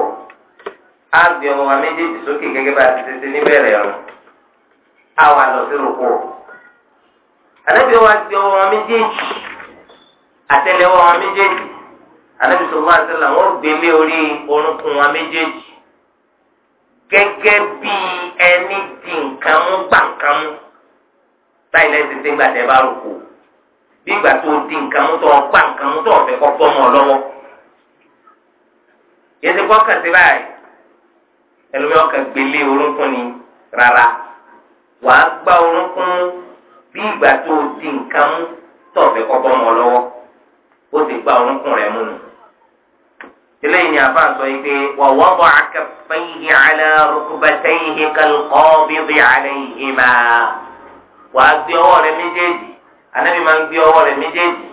Speaker 2: á gbé ọmọ wa méjèèjì sókè gẹ́gẹ́ bá a ti tètè níbẹ̀rẹ̀ ọ̀run lọ sí rúkú ànábì wa gbé ọmọ wa méjèèjì àtẹ́lẹwọ́ wa méjèèjì ànábì sọlá àtẹlẹ àwọn gbélé orí orúnkún wa méjèèjì gẹ́gẹ́ bí ẹni di nǹkan mú gbàǹkan mú táyì bá rúkú bí ìgbà tó di nǹkan mú tó gbàǹkan mú tó ẹlòmí ọkàn gbélé orúnkún ni rárá wàá gbá orúnkún bí ìgbà tó o di nǹkan mú tọ̀fẹ́ kọ́kọ́ mọ́ lọ́wọ́ ó sì gbá orúnkún rẹ̀ mú nù. eléyìí ni àbá sọ yìí pé wà wọ́n bọ̀ akẹ́fẹ́yìí alẹ́ rúkúbẹ́tẹ́yìí kẹ́lùkọ́ bíbí alẹ́ yìí máa gbé ọwọ́ rẹ méjèèjì anábì máa ń gbé ọwọ́ rẹ méjèèjì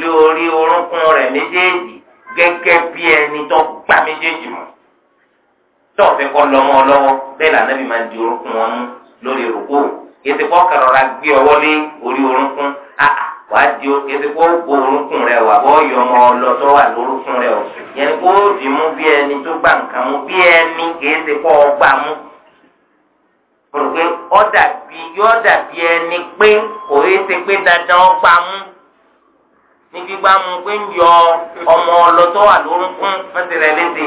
Speaker 2: lórí orúnkún rẹ méjèèjì gẹ́gẹ́ bí ẹni tó gbá méjèèjì mọ́. tọ́wọ́ fẹ́ kọ́ lọ́mọ lọ́wọ́ bẹ́ẹ̀ lànà bí máa di orúnkún wọn mú lórí rògbò yẹtí kọ́ kẹrọra gbé ọwọ́ lé orí orúnkún àà ah, ah, wàá di yẹtí kọ́ bo orúnkún rẹ wà bọ́ yọ ọmọ ọlọ́tọ́ wà lórúkún rẹ o yẹn kó dì mú bí ẹni tó gbà nǹkan mú bí ẹni kèéṣe kọ́ ọgbà mú pòròpé ọ̀dà bí yọ̀ọ̀dà bí ẹni pé kò yẹ ṣe pé dandan ọgbà mú ní gbígbà mú pé ń yọ ọmọ ọlọ́tọ́ wà lórúkún fẹsẹ̀ rẹ léṣe.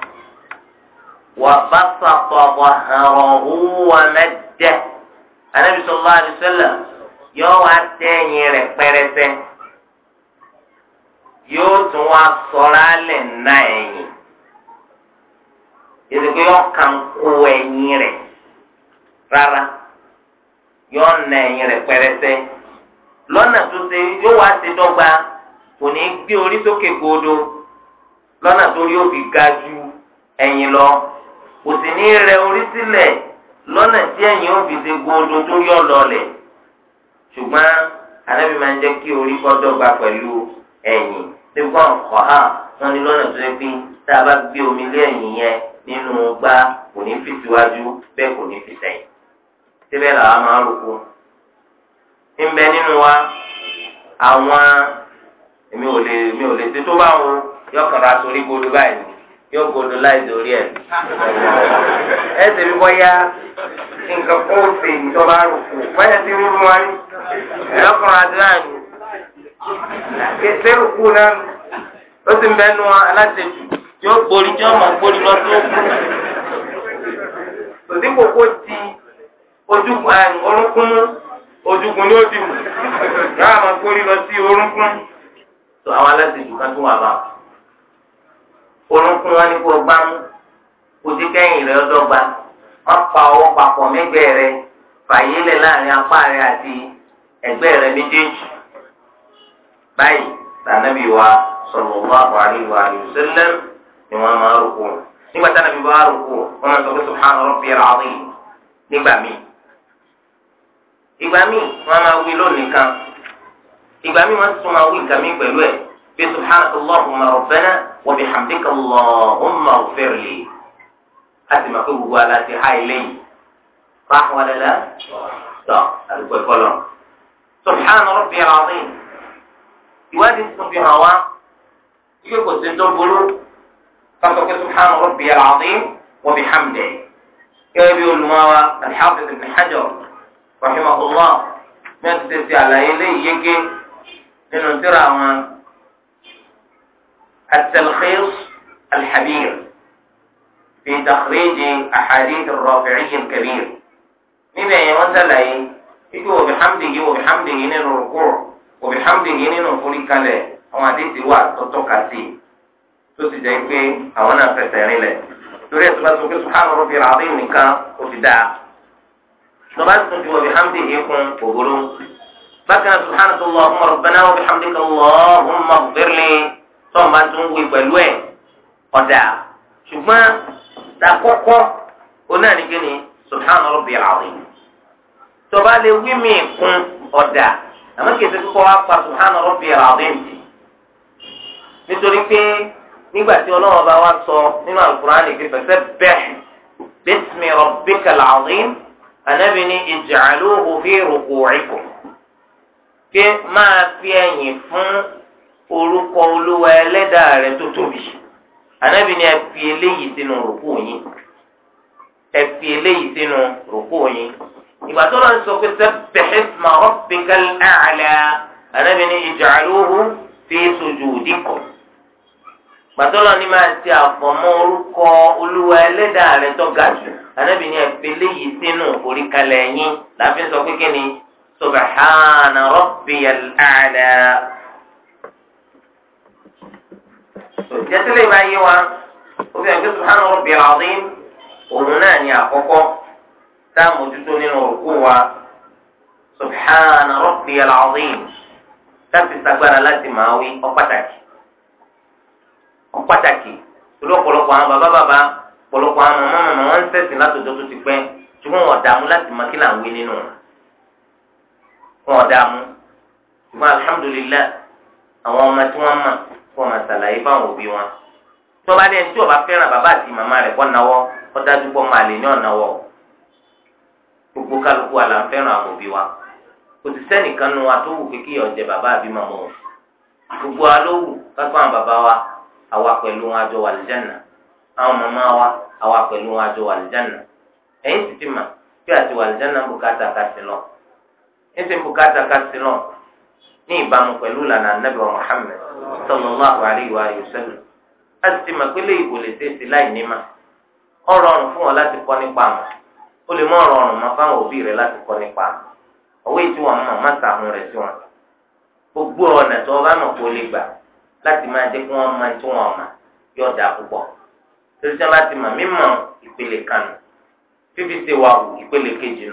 Speaker 2: وبسط ظهره ومده النبي صلى الله عليه وسلم yóò wá tẹ̀yìn rẹ̀ pẹrẹsẹ yóò tún wá sọ̀rọ̀ alẹ̀ ná ẹ̀yìn ìdìbò yóò kàn kó ẹ̀yìn rẹ̀ rárá yóò ná ẹ̀yìn rẹ̀ pẹrẹsẹ lọ́nà wá kò sì ní rẹ orí sílẹ̀ lọ́nà tí ẹ̀yìn òbí ṣe gbóòdó tó yọ lọlẹ̀ ṣùgbọ́n anábì máa ń jẹ́ kí orí kọ́ dọ́gba pẹ̀lú ẹ̀yìn tí wọ́n kọ́ á wọ́n ní lọ́nà tó yẹ pé tá a bá gbé omi lé ẹ̀yìn yẹn nínú gbá kò ní fi síwájú bẹ́ẹ̀ kò ní fi sẹ́yìn síbẹ̀ làwa máa ń roko ńbẹ nínú wa àwọn èmi ò lè èmi ò lè ṣe tó bá wọn yọkànlá torí gbódó báyìí yóò gbọ́dọ̀ láì dórí ẹ ẹ ti rí bóyá nǹkan kó o sì ìjọba àròkù bóyá ti rí mu wáyé ìlọkùnrin àdúrà ni kẹsẹrù kú náà ó sì ń bẹ nu aláṣẹjù yóò gbórí tí wọn gbórí lọ sí òkú tòsí kòkó ti ojú orúnkún mú ojúkun ni ó yóò máa gbórí lọ sí orúnkún tó àwọn aláṣẹjù orúnkún wọn ní kó gbá mú ojú kẹ́yìn rẹ̀ ọdọ́gba wọn pa ọwọ́ papọ̀ mẹ́gbẹ̀ẹ́ rẹ̀ fàyè lẹ̀ láàrin apá rẹ̀ àti ẹ̀gbẹ́ rẹ̀ méjèèjì báyìí tànàbí wa sallallahu alaihi wa sallam ni wọ́n máa rúkú nígbà tànàbí wa rúkú wọ́n máa sọ pé subhana rabbiyal azim nígbà míì ìgbà míì wọ́n máa wí lónìí kan ìgbà míì wọ́n tún máa wí nǹkan míì pẹ̀lú ẹ̀ bí subhanaka allahumma rabbana wa bihamdika allahumma ighfir li a ti máa pé gbogbo ala ti ha ilé yìí fáwọn alẹ́lẹ́ tọ́ àdúgbò ẹ̀kọ́ lọ. subhana rabbiyal azim ìwádìí tuntun fi hàn wá ibi kò sí tó burú kásọ̀ pé subhana rabbiyal azim wa bihamdihi. gẹ́gẹ́ bí olùmọ̀wá al-Hafiz ibn Hajar rahimahullah mẹ́tẹ̀ẹ̀sì àlàyé lẹ́yìn yege nínú tíra àwọn. التلخيص الحبير في تخريج أحاديث الرافعي الكبير níbẹ̀ yẹn wọ́n sàlàyé ikú òbíhámdìgì òbíhámdìgì nínú rúkú òbíhámdìgì nínú foríkalẹ̀ àwọn àdéhìí wà tọ́tọ́ ka sí i tó sì jẹ́ pé àwọn náà fẹsẹ̀ rinlẹ̀ lórí ẹ̀sùn bá sọ pé subhanahu rabbi al-azim nìkan ó ti dáa tó bá tún ju òbíhámdìgì kún òbúrú bákan náà subhanahu allahumma rabbana wa bihamdika allahumma ighfirli tó máa tún wí pẹ̀lú ẹ̀ ọ̀dà ṣùgbọ́n dàkọ́kọ́ onáàníkè ni subhana rabbiyal azim tó bá lè wí mí kún ọ̀dà àmọ́ kìí ṣe kíkọ́ wá pa subhana rabbiyal azim tì nítorí pé nígbà tí ọlọ́wọ́n bá wá sọ nínú alukur'an ìgbé fẹsẹ̀ bẹ́ẹ̀ bísí rabbikal azim anabi ni ij'aluhu fi ruku'ikum pé máa fi ẹ̀yìn fún orúkọ olúwa ẹlẹ́dàá rẹ tó tóbi anábì ni ẹ fi eléyìí sínú rògbò yín ẹ fi eléyìí sínú rògbò yín ìgbà tó lọ́n sọ pé sẹ́pẹ̀ẹ́ ma rabbikal a'la anábì ni ij'aluhu fi sujudikum ìgbà tó lọ́n ní máa ti àfọ̀mọ́ orúkọ olúwa ẹlẹ́dàá rẹ tó ga jù anábì ni ẹ eléyìí sínú oríkalẹ̀ yín làbí sọ pé kí ni subhana rabbiyal a'la. ìjẹsílẹ̀ bá yé wa obìnrin kí subhanahu rabbil azim òun náà ní àkọ́kọ́ tá a mójútó nínú òkú wa subhana rabbiyal azim láti sagbára láti máa wí ọ̀pàtàkì ọ̀pàtàkì torí ọ̀pọ̀lọpọ̀ àwọn bàbá bàbá ọ̀pọ̀lọpọ̀ àwọn màmá màmá wọn ń sẹ̀sìn látọjọ́ tó ti pẹ́ ṣùgbọ́n wọn dààmú láti máa kí là ń wí nínú wọn dààmú ṣùgbọ́n alhamdulillah àwọn ọmọ tí wọ́n mọ̀ kó máa ṣàlàyé báwọn òbí wọn tọ́ba dẹ́ni tí ó bá fẹ́ràn bàbá àti màmá rẹ̀ kọ́ náwọ́ kọ́ dájú pọ́ máa lè ní ọ̀nàwọ́ gbogbo kálukú wa là ń fẹ́ràn àwọn òbí wa kò sì sẹ́nìkan nu wa tó wù pé ọ̀jẹ̀ bàbá àbí màmá wọn gbogbo wa ló wù kápá àwọn bàbá wa àwa pẹ̀lú wọn àjọ wà lìjánà àwọn màmá wa àwa pẹ̀lú wọn àjọ wà lìjánà ẹ̀yìn sì ti mà bí àti wà lìjánà bùkátà bùkátà kásì ní ìbámu pẹ̀lú lànà anabi muhammed sallallahu alayhi wa a sì mọ̀ láì ní ma ọ rọrùn fún wọn láti kọ́ nípa àmọ́ ó lè mọ rọrùn mọ́ fáwọn òbí láti kọ́ nípa àmọ́ ọwọ́ ètò wọn mọ̀ má sàhùn sí wọn gbogbo ọ̀nà tó wọn bá mọ̀ kó lè gbà láti máa jẹ́ kí wọ́n tí mọ̀ púpọ̀ ti mọ̀ mímọ̀ ìpele kan fífi ṣe wà wù ìpele kejì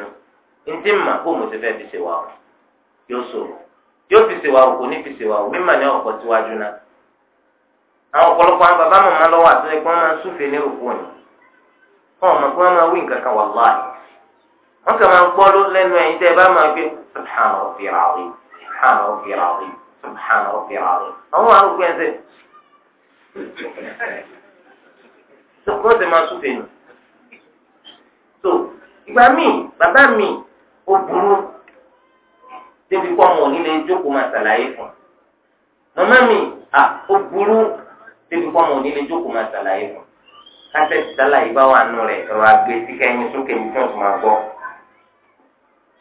Speaker 2: yóò fi ṣèwà òkò ní fi ṣèwà òkò mímọ̀ ní ọ̀pọ̀ tiwájú náà àwọn ọ̀pọ̀lọpọ̀ àwọn bàbá màmá lọ́wọ́ àti ẹ̀kọ́ máa ń súfèé ní òkú òní wọn mọ̀ pé wọ́n máa wí nǹkan kan wà láàyè wọ́n kàn máa gbọ́ lẹ́nu ẹ̀yìn tẹ́ ẹ bá máa gbé subhana rabbi alazim subhana rabbi alazim subhana rabbi alazim àwọn arúgbó ẹ̀sẹ̀ sì máa ìgbà míì bàbá burú débi kó ọmọ òní lè jókòó máa ṣàlàyé fún un màmá mi à ó burú débi kó ọmọ òní lè jókòó máa ṣàlàyé fún un kásẹ̀tì sálàyé bá wà nù rẹ̀ ẹ̀rọ àgbẹ̀ tí kẹ́yìn sókè ní fún ọ̀tún máa gbọ́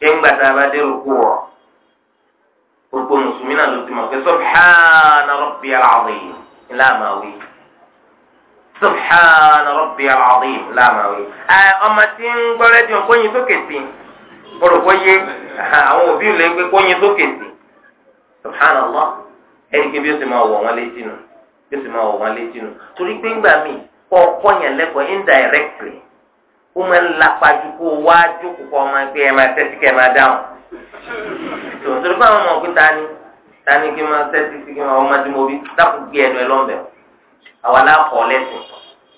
Speaker 2: ṣé ń gbàtà bá dé rúkú wọ̀ gbogbo mùsùlùmí náà ló ti mọ̀ pé subhana rabbi al-azim láàmáwí subhana rabbi al-azim láàmáwí ọmọ tí ń gbọ́ rẹ́díò kóyin sókè sí i mo rò kó yé àwọn òbí ò lè gbé kóyin sókè sí subhanallah ẹni pé bí ó sì máa wọ̀ wọ́n létí nù bí ó sì máa wọ̀ wọ́n létí nù torí pé ńgbà míì kọ́ kọ́yàn lẹ́kọ̀ọ́ indirectly ó máa ń lapájú kó wá jókòó kọ́ ọmọ ẹgbẹ́ ẹ máa tẹ́tí kẹ́ ẹ máa dáhùn tòótọ́ bá wọn mọ̀ pé ta ni ta ni kí n máa tẹ́tí sí kí n máa ọmọ tí mo bí dákun gbé ẹnu ẹ lọ́nbẹ̀ àwa láàpọ̀ lẹ́sìn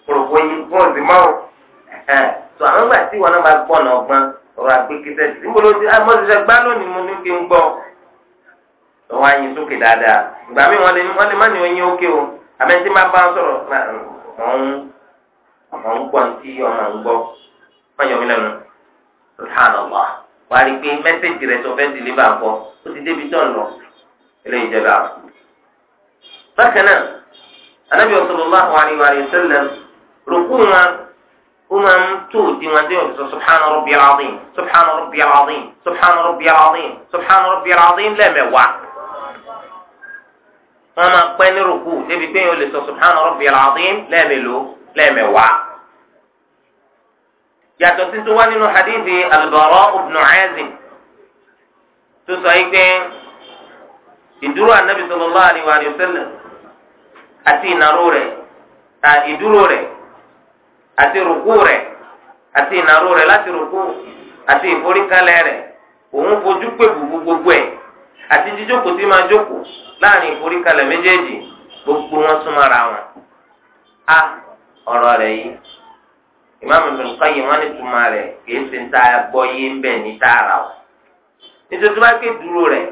Speaker 2: kòròkó yìí fún òsì márùn-ún tó ọ̀rọ̀ àgbékítẹ́ sí níbo ló ti amọ̀síṣẹ́ ah, gbá lónìí mo ní kí n gbọ́ wọn á yin sókè dáadáa ìgbà míì wọn lè wọn lè má ní oyin ókè o àmẹ́tí máa bá wọn sọ̀rọ̀ ọ̀hún ọ̀hún gbọ́ ní tí ọmọ ń gbọ́ wọn yọ mí lẹ́nu subhanallah wà á rí i pé mẹ́sẹ̀gì rẹ̀ tó fẹ́ dìlé bá ó ti débi tó ń lọ eléyìí jẹba. bákan náà anábìyàn sallallahu alaihi wa sallam rògbòmọ́ ó máa ń tó òdiwọ̀n tí yóò sọ subhana rabbi al-azim subhana rabbi al-azim subhana rabbi al-azim subhana rabbi al-azim lẹ́mẹ̀wàá wọ́n máa pẹ́ ní rúkú débi pé yóò lè sọ subhana rabbi al-azim lẹ́mẹ̀ló lẹ́mẹ̀wàá. yàtọ̀ títí wá nínú hadithi al-bara ibn azim tó sọ yìí pé ìdúró anabi sallallahu alayhi wa sallam àti ìnáró rẹ̀ ìdúró rẹ̀ àti rùkú rẹ̀ àti ìnáró rẹ̀ láti rùkú àti ìforíkalẹ̀ rẹ̀ òun fojú pé gbogbo gbogbo ẹ̀ àti jíjókòó tí máa jókòó láàrin ìforíkalẹ̀ méjèèjì gbogbo wọn súnmọ́ra wọn. a ọ̀rọ̀ rẹ̀ yìí ìmáàmù Ibn Qayyim wọn ní túmọ̀ rẹ̀ kìí ṣe ń ta gbọ́ yé ń bẹ̀ ní tààrà o. nítorí wọ́n ké dúró rẹ̀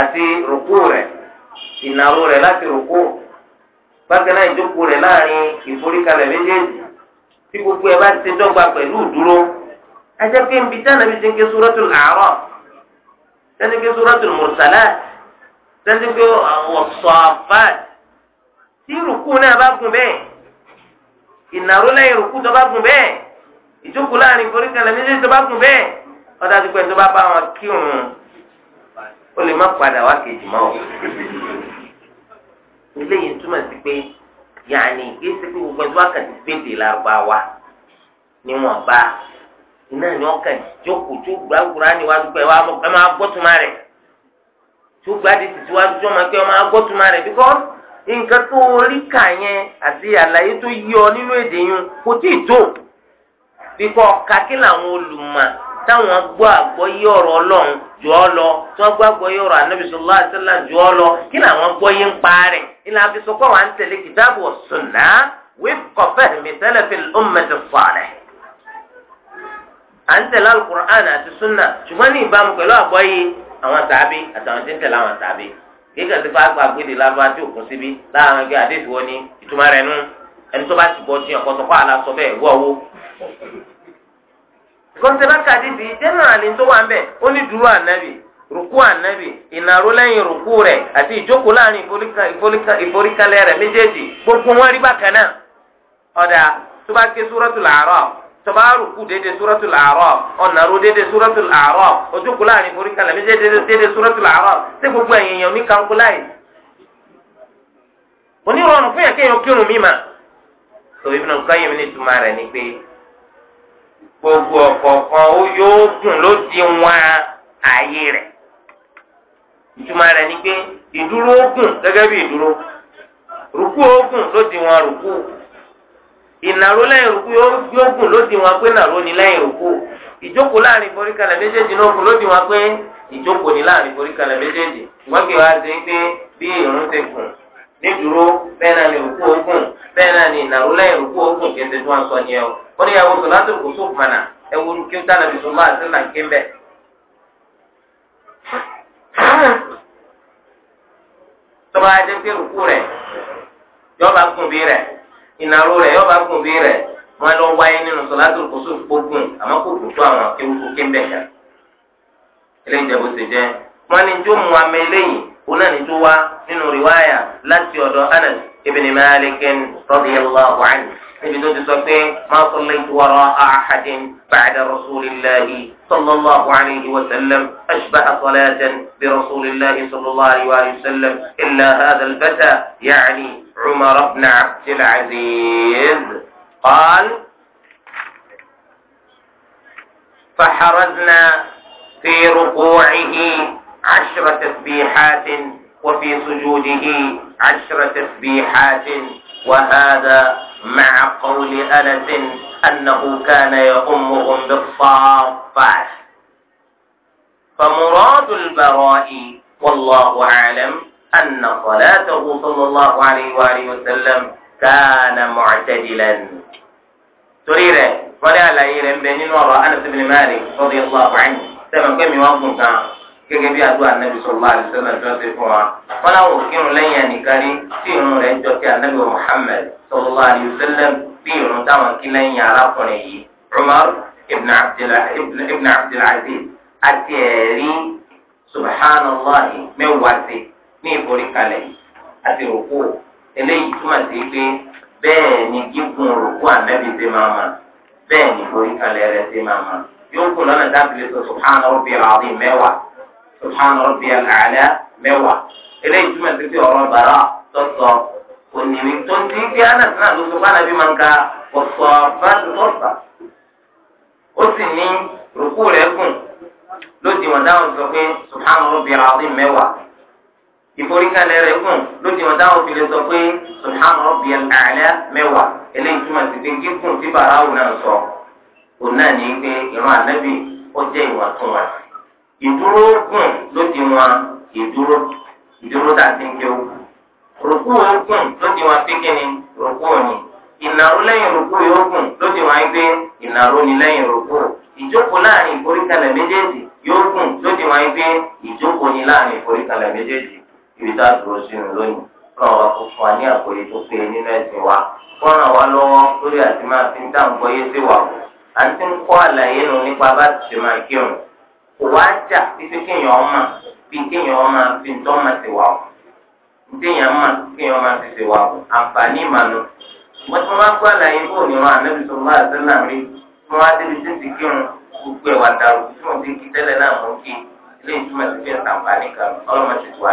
Speaker 2: àti rùkú rẹ̀ ìnáró rẹ̀ láti rùkú bákan náà ìjókòó rẹ̀ láàrin ìforíkalẹ̀ méjèèjì tí gbogbo ẹ bá ti dọ́gba pẹ̀lú ìdúró ajá pé nbí táwọn ẹbí ti ń ké suratul A'raf tẹ́ni ké suratul Mursalat tẹ́ni ké As-Saffat tí ìrùkú náà bá gùn bẹ́ẹ̀ ìnáró lẹ́yìn ìrùkú tó bá gùn bẹ́ẹ̀ ìjókòó láàrin ìforíkalẹ̀ méjèèjì tó bá gùn bẹ́ẹ̀ ọ̀dà àti pẹ̀lú tó bá bá wọn kírun ó lè má padà wá kejì mọ́ eléyìí túmọ̀ sí pé yàní ya ṣe pé gbogbo ẹni tó bá kàn ti ni wọ́n bá iná ni wọ́n kàn jókòó tó gbàgbúra níwájú pé ẹ máa gbọ́ tuma rẹ̀ tó máa gbọ́ tuma rẹ̀ nǹkan tó rí kà yẹn àti àlàyé ọ nínú èdè kò tí ì tó bíkọ́ kakí làwọn olùmọ̀ táwọn gbọ́ àgbọ́ yí ọ̀rọ̀ ọlọ́run lọ tí gbọ́ àgbọ́ yí ọ̀rọ̀ ànábì lọ kí làwọn gbọ́ ìlànà àfisọ́kọ́ wa ń tẹ̀lé kìtàbù ọ̀sùnà wífkọ̀ fẹ́hìmì sẹ́lẹ̀fìl ọ̀mẹ̀tì sọ̀rẹ̀. à ń tẹ̀lé alukur'an àti sunna ṣùgbọ́n ní ìbámu pẹ̀lú àgbọ́yé àwọn tàbí àtàwọn tí ń tẹ̀lé àwọn tàbí kíkà sí fáwọn agbègbè lábá tí òkun síbi láwọn ẹgbẹ́ àdéhùn wọn ni ìtumọ̀ rẹ̀ nù ẹni tó bá ti bọ́ jiyàn kọ́tọ́ kọ́ àlá sọ bẹ́ẹ̀ wọ́wọ́ kọ́ńtẹ́lá kàdídì jẹ́nà àlè tó wà ń ó ní dúró ànábì rùkú ànábì ìnàró lẹ́yìn rùkú rẹ̀ àti ìjókòó láàrin ìforíkalẹ̀ rẹ̀ méjèèjì gbogbo wọn rí bákan náà ọ̀dà tó ké súrọ́tul A'raf tọba arùkú dédé suratul A'raf ọ̀nàró dédé suratul A'raf ojúkú láàrin ìforíkalẹ̀ méjèèjì dédé suratul A'raf ṣé gbogbo ẹ̀yìn èèyàn ní kankó láì onírọ̀rùn fún kéèyàn kírun gbogbo ìtumọ̀ rẹ̀ ni pé ìdúró ogun gẹ́gẹ́ bí ìdúró rúkú ogun ló di wọn rúkú ìnáró lẹ́yìn rùkú ló di wọn pé nàró ni lẹ́yìn rùkú ìjókòó láàrin foríkalẹ̀ méjèèjì náà gùn ló di wọn pé ìjókòó ni bí ìrún ogun bẹ́ẹ̀ náà ni ìnáró ogun sọ ni ẹ o wọ́n ní ìyàwó sọ̀rọ̀ láti tọ́ba adé pé òkú rẹ̀ yọba gùn bí rẹ̀ ìnáró rẹ̀ yọba gùn bi rẹ̀ wọn lọ wáyé nínú n'inu kùsùf gbógun àmọ́ kò kò tó àwọn akéwòkó kéńbẹ̀ ká eléyìí bó ti wọn ni tó mu amẹ eléyìí wọn náà ni tó wá nínú rìwáyà láti ọ̀dọ̀ Anas ibn Malik radiyallahu anhu. بحدود الصفين ما صليت وراء أحد بعد رسول الله صلى الله عليه وسلم أشبه صلاة برسول الله صلى الله عليه وسلم إلا هذا الفتى يعني عمر بن عبد العزيز قال فحرزنا في ركوعه عشر تسبيحات وفي سجوده عشر تسبيحات وهذا مع قول أنس أنه كان يؤمهم بالصافات فمراد البراء والله أعلم أن صلاته صلى الله عليه وآله وسلم كان معتدلا تريره ولا لا يرين بيننا وأنس بن مالك رضي الله عنه سمع كم يوضن كان gẹ́gẹ́ bí àdúrà anabi sọlá àdìsọlá jọsẹ fún wa wọn làwọn òkìrun lẹ́yìn ẹnìkan ní tí irun rẹ̀ jọ sí anabi muhammed sọlá àdìsọlá bí irun táwọn kí lẹ́yìn arákùnrin yìí umar ibn abdulaziz àti ẹ̀rí subhanallahi mẹ́wàá sí ní ìforíkalẹ̀ yìí àti òkú eléyìí túmọ̀ sí pé bẹ́ẹ̀ ni gígùn òkú anabi ṣe máa ma bẹ́ẹ̀ ni ìforíkalẹ̀ rẹ̀ ṣe máa ma yóò kù lọ́nà dábìlì sọ subhanallahi mẹ́wàá subhana rabbi alaala mẹ́wàá eléyìí túmọ̀ sí pé ọ̀rọ̀ bàrà tọ̀sọ̀ onímì tó ń dín bí anas náà ló sọ fún anabi máa ń ka ọ̀sọ̀ fáàtì tọ̀sà ó sì ní rúkú rẹ̀ gùn lódì wọn dáhùn sọ pé subhana rabbi alaala mẹ́wàá ìforíkalẹ̀ rẹ̀ gùn lódì wọn dáhùn fi sọ pé subhana rabbi alaala mẹ́wàá eléyìí túmọ̀ sí gígùn tí bàrà òun náà sọ òun náà ní pé ìran anabi ó jẹ́ ìwà tó wà ìdúró gùn ló ti wọn ìdúró ìdúró tá a ti ń kéwò rùkú ogun ló ti wọn pé kíni rùkú ni ìnáró lẹ́yìn rùkú ogun ló ti wọn pé ìnáró ni lẹ́yìn rùkú ìjókòó láàrin ìforíkalẹ̀ méjèèjì yóò gùn ló ti wọn pé ìjókòó ni láàrin ìforíkalẹ̀ méjèèjì ibi tá a dúró sínú lónìí náà wà kó fún wa ní àkóyè tó pé nínú ẹ̀sìn wa wọ́n ràn wá lọ́wọ́ lórí àti máa fi ń dáhùn gbọ́yé sí wa à ń ti àlàyé nu nípa bá ti ṣe máa kírun. kò wá jà pípé kéèyàn ọmọ kéèyàn ọmọ fi ń tọ́ ti wà ó téèyàn mọ̀ kéèyàn máa ti ti wà ó àǹfààní a wọ́n ti máa gbọ́ àlàyé bó ní wọn ànábì tó máa sẹ́là rí tí á débi tí ń ti kírun gbogbo ẹ̀wà dàrú tí wọ́n ti ń kí tẹ́lẹ̀ náà mú kí ti fi ń sàǹfààní kan ọlọ́mọ ti wà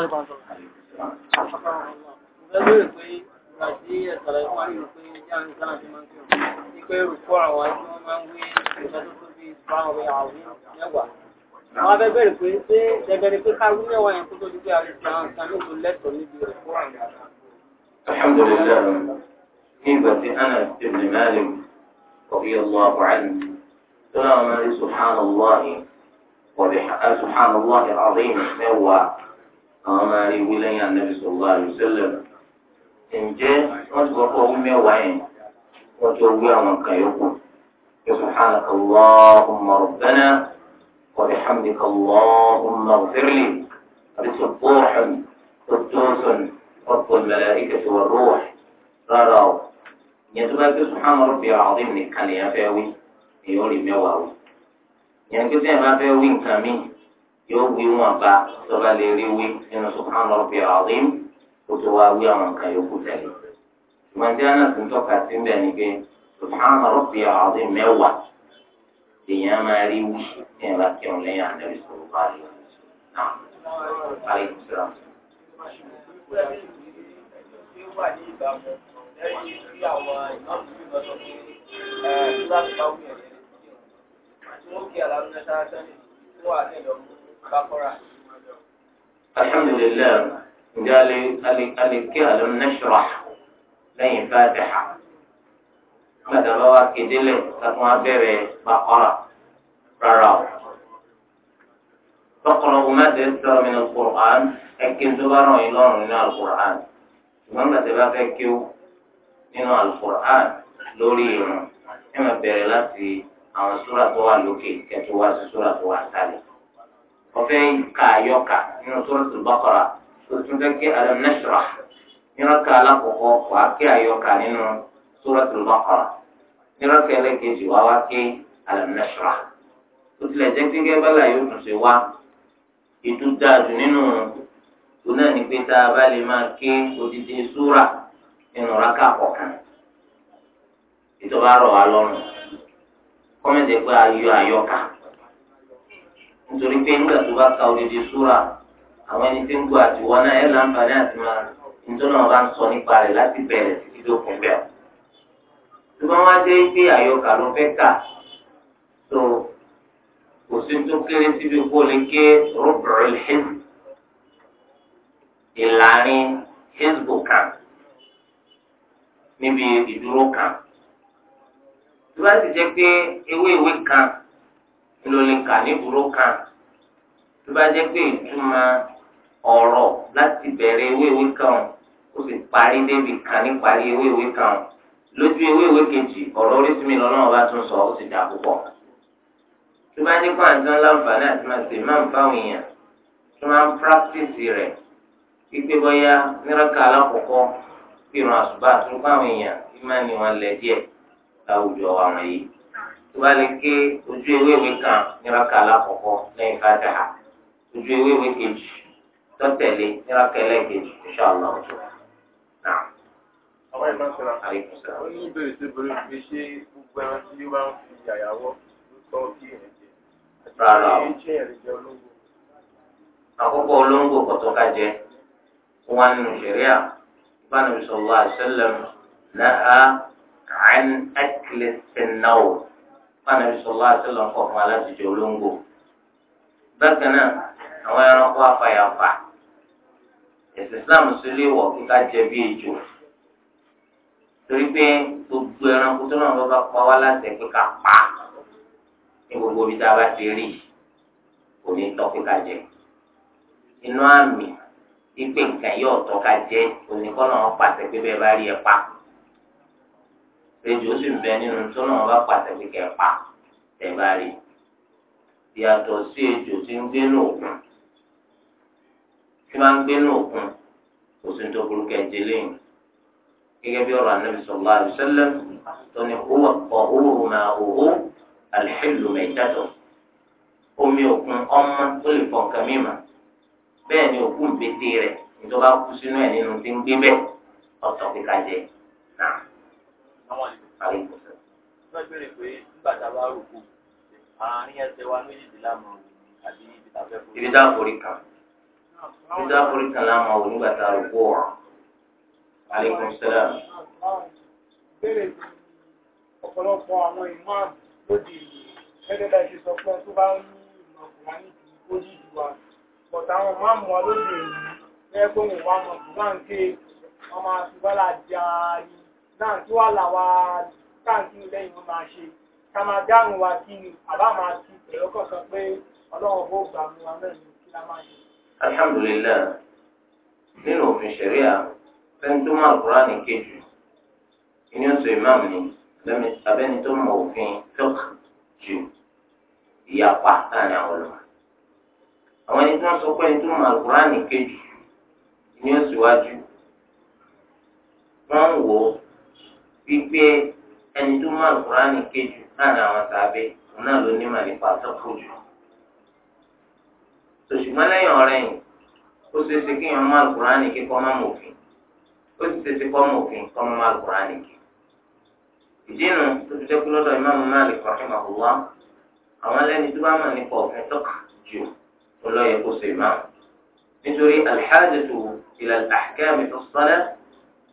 Speaker 1: الحمد لله
Speaker 2: هبة أنس بن مالك رضي الله عنه سلام سبحان الله وبحق سبحان الله العظيم يوّا àwọn máa rí wí lẹ́yìn anabi sallallahu alaihi wasallam ǹjẹ́ wọ́n ti kọ́kọ́ wí mẹ́wàá yẹn wọ́n tó wí àwọn kan yòókù subhanaka allahumma rabbana wa bihamdika allahumma ighfir li بسطوح قدوس رب الملائكة والروح قالوا يتبقى سبحان ربي العظيم نكالي يا فاوي يولي مواوي يعني كده ما فاوي نكامي yóò wí wọn bá tọ́ba lè rí wí nínú subhana rabbi azim kó tó wá wí àwọn nǹkan yòókù tẹ̀lé. ìmọ̀ tí wọn náà tún tọ́ka sí bẹ́ẹ̀ ni pé subhana rabbi azim mẹ́wàá èèyàn máa rí wí ní ẹ̀rọ kírun lẹ́yìn ànábì sọ̀rọ̀ báyìí. náà ayé kò síra. Wọ́n kí àlàmúnẹ́ta sẹ́yìn fún àtẹ̀lẹ́mú alhamdulilayi ǹjẹ́ alẹ́ alẹ́ alẹ́ kí alẹ́ nẹ́ṣọ́ra lẹ́yìn fàtẹ́hà gbàdàbà wa kedele kàtó wa bẹ̀rẹ̀ bàkọ́ra rárá o. tọkọlọ wo má tẹ̀lé sọ̀rọ̀ mi ní alukur'an ẹ̀kí tó bá ràn yín lọ́rùn nínú alukur'an ṣùgbọ́n gbàtẹ́ bá fẹ́ kí o nínú alukur'an lórí irun ẹ̀ máa bẹ̀rẹ̀ láti àwọn súra tó wà lókè kẹ́tọ́ wá sí súra tó wà sálẹ̀ ọ̀fẹ́ ka àyọkà nínú suratul Baqara tó tún fẹ́ kí alam nashrah nírọ̀kà alákọ̀ọ́kọ́ wà á kí àyọkà nínú suratul Baqara nírọ̀kà ẹlẹ́kejì wà wá kí alam nashrah tó tilẹ̀ jẹ́ pé gẹ́gẹ́ bẹ́ẹ̀ yóò tún ṣe wá ètò dáadù nínú tó náà ní pé tá a bá lè máa kí odidi súra nínú rákà kọ̀ọ̀kan ìtọ́ bá rọ̀ wá lọ́rùn kọ́mẹ̀tẹ̀ pé ayọ̀ àyọkà nítorí pé nígbà tó bá ka odidi súra àwọn ẹni tí ń gbọ́ àtiwọ́ náà ẹ̀ láǹfààní àti máa nítorí wọn bá ń sọ nípa rẹ̀ láti bẹ̀rẹ̀ títí tó kún bẹ́ẹ̀. tó bá wá dé pé àyọkà ló fẹ́ kà tó kò sí tó kéré síbi kó lè ké rúbùrù hizb ìlànà hizb kan níbi ìdúró kan. tó sì jẹ́ pé ewé ìwé kan ńlọlẹ́ka ní ìbúrò kan tó bá jẹ́ pé ìtumọ̀ ọ̀rọ̀ láti bẹ̀rẹ̀ ewé ìwé kan ó sì parí débi kan ní parí ewé ìwé kan lójú ewé ìwé kejì ọ̀rọ̀ oríṣi mi lọ́nà ọba tún sọ ó sì dà púpọ̀ tó bá ní pàǹtí ńlá nfààní àti máa ṣe máa ń fáwọn èèyàn tó máa ń pírákítìsì rẹ̀ pípé bọ́yá míraka alákọ̀ọ́kọ́ fi ràn àṣùbà tó fáwọn èèyàn ìmánìí wọn lẹ̀ díẹ̀ láwùjọ àwọn yìí tó bá lè ké ojú ewé ìwé kan níraka alákọ̀ọ́kọ́ lẹ́yìn fàdáhà ojú ewé ìwé kejì
Speaker 1: tọ́tẹ̀lé níraka ẹlẹ́kejì inṣàlá
Speaker 2: ọ̀tọ̀ náà.
Speaker 1: àwọn ìmọ̀ sọ̀rọ̀ àwọn ní ìbéèrè tó borí pé ṣé gbogbo ẹran tí yóò bá ń fi àyàwọ́ ló tọ́ kí ẹ̀ jẹ rárá o
Speaker 2: àkókò olóńgbò kọ̀tọ́ ká jẹ wọn nù sẹ̀ríà ìbánu sọ̀rọ̀ àṣẹlẹ̀ náà àn ẹ̀kìlẹ̀ sẹ̀náwó pàdé sọlá àtẹlọ kọkàn aláṣẹjọ olóńgbò bákan náà àwọn ẹranko afàyàfà ẹsẹ islam sì lè wọ kíkà jẹ bí ejò torí pé gbogbo ẹranko tó náà bá pa wá láti ẹgbẹ ká pa ní gbogbo ibi tá a bá ti rí kò ní tọ́ kíkà jẹ inú àmì ipe nǹkan yóò tọ́ ká jẹ oníkọ́nà ọ̀pá àtẹ̀gbẹ́ bẹ́ẹ̀ bá rí ẹ pa ejò sì ń bẹ nínú tó náà bá pàtàkì kẹpa tẹ̀bá rí yàtọ̀ sí ejò tí ń gbé ní òkun tí máa ń gbé ní òkun kò sí tó burú kẹjẹ lẹ́yìn gẹ́gẹ́ bí ọ̀rọ̀ anabi sọ̀rọ̀ àdùsẹ́lẹ̀ tó ní owó ọ̀húrò máa owó àlùfẹ́lù mẹ́tẹ́tọ̀ omi òkun ọmọ tó lè fọ nǹkan mímọ́ bẹ́ẹ̀ ni òkun pété rẹ̀ nítorí wọ́n kú sínú ẹ̀ nínú tí ń gbé bẹ́ẹ̀ ọ̀tọ̀ kíkà jẹ náà àwọn ìgbésẹ̀ wọ́n béèrè pé nígbà tá a bá rò kù àárín ibi tá forí kan ibi tá forí kan láàmú àwọn nígbà tá a rò ọ̀rọ̀ aleykum salaam.
Speaker 1: béèrè ọ̀pọ̀lọpọ̀ àwọn imam lóde ìlú ṣe sọ pé tó bá ń ní ìmọ̀ kùránì ó yí ìwà bọ̀tà àwọn máàmù wa lóde ìlú gẹ́gẹ́ pé òun wà mọ̀ kùránì ké wọ́n máa bọ́lá di náà tí wàá làwà káàkiri lẹ́yìn wọn máa ṣe ká máa dáhùn wa kí ni àbá máa ti ẹ̀rọ kan sọ pé ọlọ́run bó gbà mú wa náà ní kí la máa ṣe.
Speaker 2: alhamdulilayi nínú òfin ṣẹ̀ríà fẹ́ni tó ní kejì ìní oṣù imam ni abẹ́ni tó mọ òfin fẹ́k ju ìyapa láàrin àwọn ọlọ́run àwọn ẹni tí wọ́n sọ pé ẹni tó ní kejì ìní oṣù ń wò ó wípé ẹni tó máa kúránì kejì láàrin àwọn sàbẹ òun náà ló ní màlí pàtó kù jù tòṣùgbọ́n lẹ́yìn ọ̀rẹ́ yìí ó ṣeé ṣe kéèyàn máa kúránì kíkọ́ máa mọ̀ òfin ó sì ṣeé ṣe kọ́ mọ̀ òfin kọ́ máa kúránì kí ìdí nu tó fi jẹ́ pé lọ́dọ̀ ìmáàmù Malik rahimahullah àwọn ẹlẹ́ni tó bá mọ̀ nípa òfin tọ́ka jù ó lọ yẹ kó ṣe ìmáàmù nítorí alḥájatu ilà àḥkámi fi ṣ-ṣalāh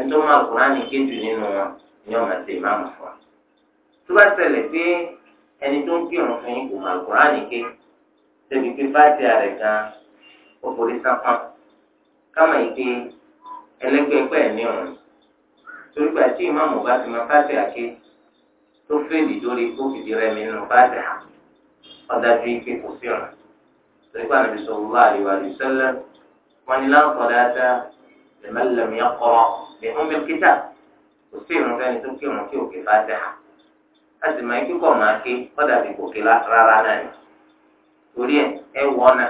Speaker 2: ẹtọ́ máa kúránì kéjù nínú wọn ni ọmọ ẹsẹ̀ ìmáàmù fún wa. tó bá ṣẹlẹ̀ pé ẹni tó ń kírun fún yín kò máa kúránì ké tẹ̀lé pé báàtì rẹ̀ gan ó forí sápá káma ìpè ẹlẹ́gbẹ̀ẹ́gbẹ́ ẹ̀mí ọ̀run torí pé àti ìmáàmù bá ti máa báàtì àké tó fèlì lórí kófìdí rẹ̀ mi nínú báàtì à ọ̀dájú ìpè kò sí ọ̀run torí pé àná لمن لم يقرأ بأم الكتاب وسيم كان تمكن وكيو كفاتحة أسمع ما يكون معك قد أبيكو كلا راراناني torí ẹ wọnà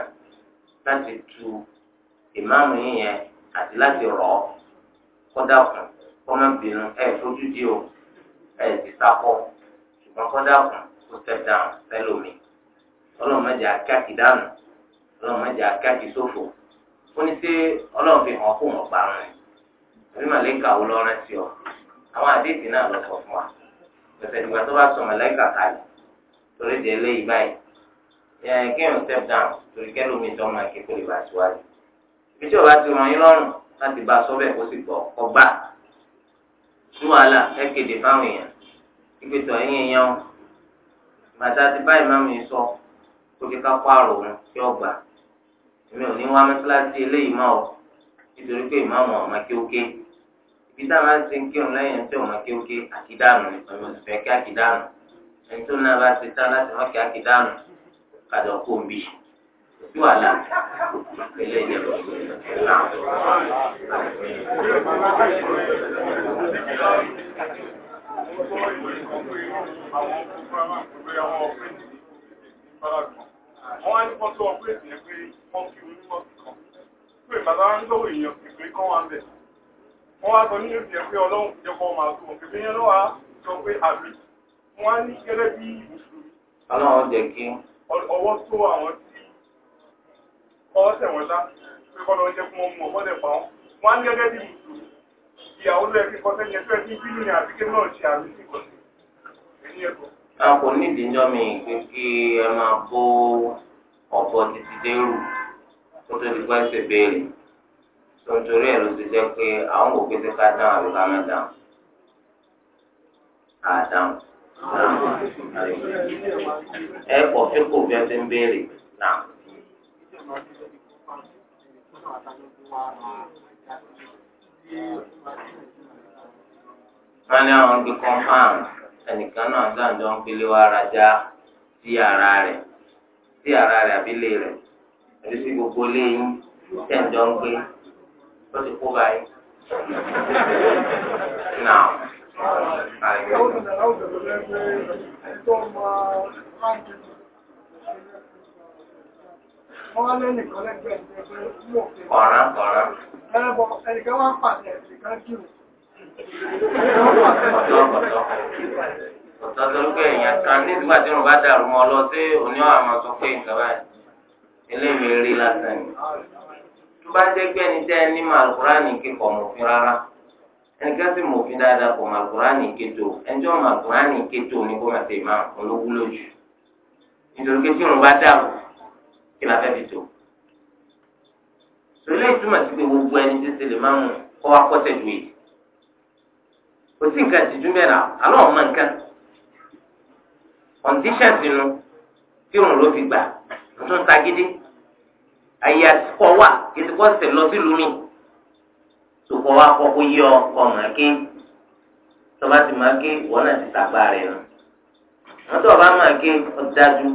Speaker 2: láti tu ìmáàmù yín yẹn àti láti rọ ọ kọdàkùn kọmọbìnrin ẹ fojú di o ẹ ti sákọ ṣùgbọ́n kọdàkùn kó step down sẹlómi ọlọmọdé akáki dànù ọlọmọdé akáki sófò ó ní sí ọlọ́run fi hàn kó wọn pa ara rẹ̀ àbí màlẹ́kà wo lọ rántí ọ àwọn àdéhìí náà lọ sọ fún wa pẹ̀sẹ̀ ìgbà tó bá sọ màlẹ́kà kalẹ̀ torí di eléyìí báyìí yẹn kéèyàn step down torí kẹ́lómi tó máa ké kó lè bá síwájú ibi tí ọba ti ràn yín lọ́rùn láti bá a sọ bẹ́ẹ̀ kó sì gbọ́ ọgbà sí wàhálà ẹ kéde fáwọn èèyàn ìgbésọ̀ ẹ̀yìn èèyàn bàtà ti báyìí má mi sọ kó èmi ò ní wá mọ́sálásí eléyìí mọ́ ọ nítorí pé ìmáàmù ọ̀mọ kéwké ibi táwọn á ti ń kírun lẹ́yìn tí ọ̀mọ kéwké àkídànù ọ̀mọ òṣìṣẹ́ kí àkídànù ẹni tó náà bá ti tán láti wọ́n kí àkídànù kàdọ̀ kó ń bì sí á ní kó tó ọ̀pẹ́
Speaker 1: ìdílé pé wọ́n kí pé bàbá ń lówó èèyàn kan wà bẹ̀. wọ́n wá sọ nínú ìpìlẹ̀ pé ọlọ́run jẹ́kọ̀ọ́ máa tó pèpè yẹn lọ́wọ́ sọ pé àbí wọ́n á ní bí mùsùlùmí. ọlọ́run kí. ọwọ́ tó àwọn tí ọwọ́ tẹ̀ wọ́n lá pé kọ́ lọ jẹ́ kí wọ́n mú dẹ̀ pa wọ́n á ní gẹ́gẹ́ bí mùsùlùmí.
Speaker 2: ìyàwó kó tó di pẹ́ béèrè tó nítorí ló ti jẹ́ pé àwọn kò pèsè ká dáhùn àbí ká má dáhùn á dáhùn. ẹ pọ̀ fí bí ẹ ń béèrè náà. wọ́n ní àwọn gbé ara rẹ̀ sí ara rẹ̀ àbílẹ̀ rẹ̀. èyí sì gbogbo léyìn tẹ̀ ń jọ ń gbé ó ti kó báyìí.
Speaker 1: Now, ọ̀ràn ọ̀ràn. Ẹ̀bọ̀ ẹnìkan wá ń pàṣẹ ẹ̀sìnkan jù. Ọ̀tọ̀ tó ń pè èèyàn kan nígbà tí wọ́n
Speaker 2: bá dàrú mọ́ ọ lọ sí oníwàmọ̀ tó pé nǹkan báyìí eléyìí rí lásán yìí tó bá jẹ́ pé ẹni tẹ́ ẹ ní màlúkúránì kíkọ̀ mọ̀fin rárá ẹnìkan sì mọ̀fin dáadáa kọ̀ màlúkúránì kéto ẹnjọ́ màlúkúránì kéto ní kó máa ṣe máa ń lówó lójú nítorí pé tí òun bá dàrú kí la fẹ́ fi tó sọlá ìtumọ̀ sí pé gbogbo ẹni tí ṣe lè máa mú kọ́ akọ́tẹ̀ ju èyí kò sí nǹkan tìjú mẹ́ra alọ́ ọ̀ma nǹkan conditions inú tí òun ló fi gbà tó ń ta ayé àtikọ̀ wà kìtìkọ̀ sẹ̀ lọ sílùú mi sòkò wa kọ́ kó yí ọ kọ́ màá ké tọ́ba ti máa ké wọ́n náà ti tàgbà rẹ̀ nù wọ́n tó ọba máa ké ọ̀dájú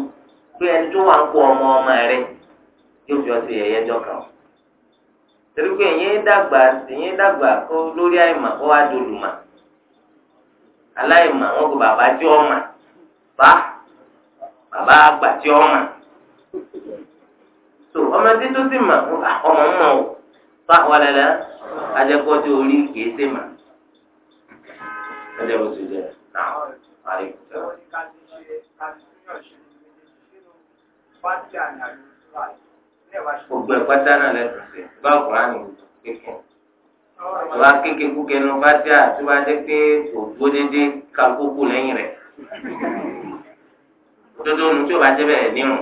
Speaker 2: pé ẹni tó wà ń kó ọmọ ọmọ rẹ̀ yóò fi ọtí ẹ̀yẹ jọ kàn ọ́ torí pé ẹ̀yìn dàgbà ẹ̀yìn dàgbà kó lórí àìmọ̀ kó wá dolùmọ̀ aláìmọ̀ wọn kò bàbá tí ọmọ bá bàbá àgbà tí ọmọ tó ọmọdé tó sì mà ọmọ ń mọ o fa wàlálà ajẹ́kọ́ tí orí kìí ṣe mà. ẹjẹ gbogbo ẹ̀ pátá náà lẹ́sìn sí bá ọkùnrin àná kékeré ìwà kékeré kúkẹ́ ní bá dé àti dé pé ògbó dédé ká gbogbo lẹ́yìn rẹ̀ òdodo nu tí o bá dé bẹ́ẹ̀ nírun.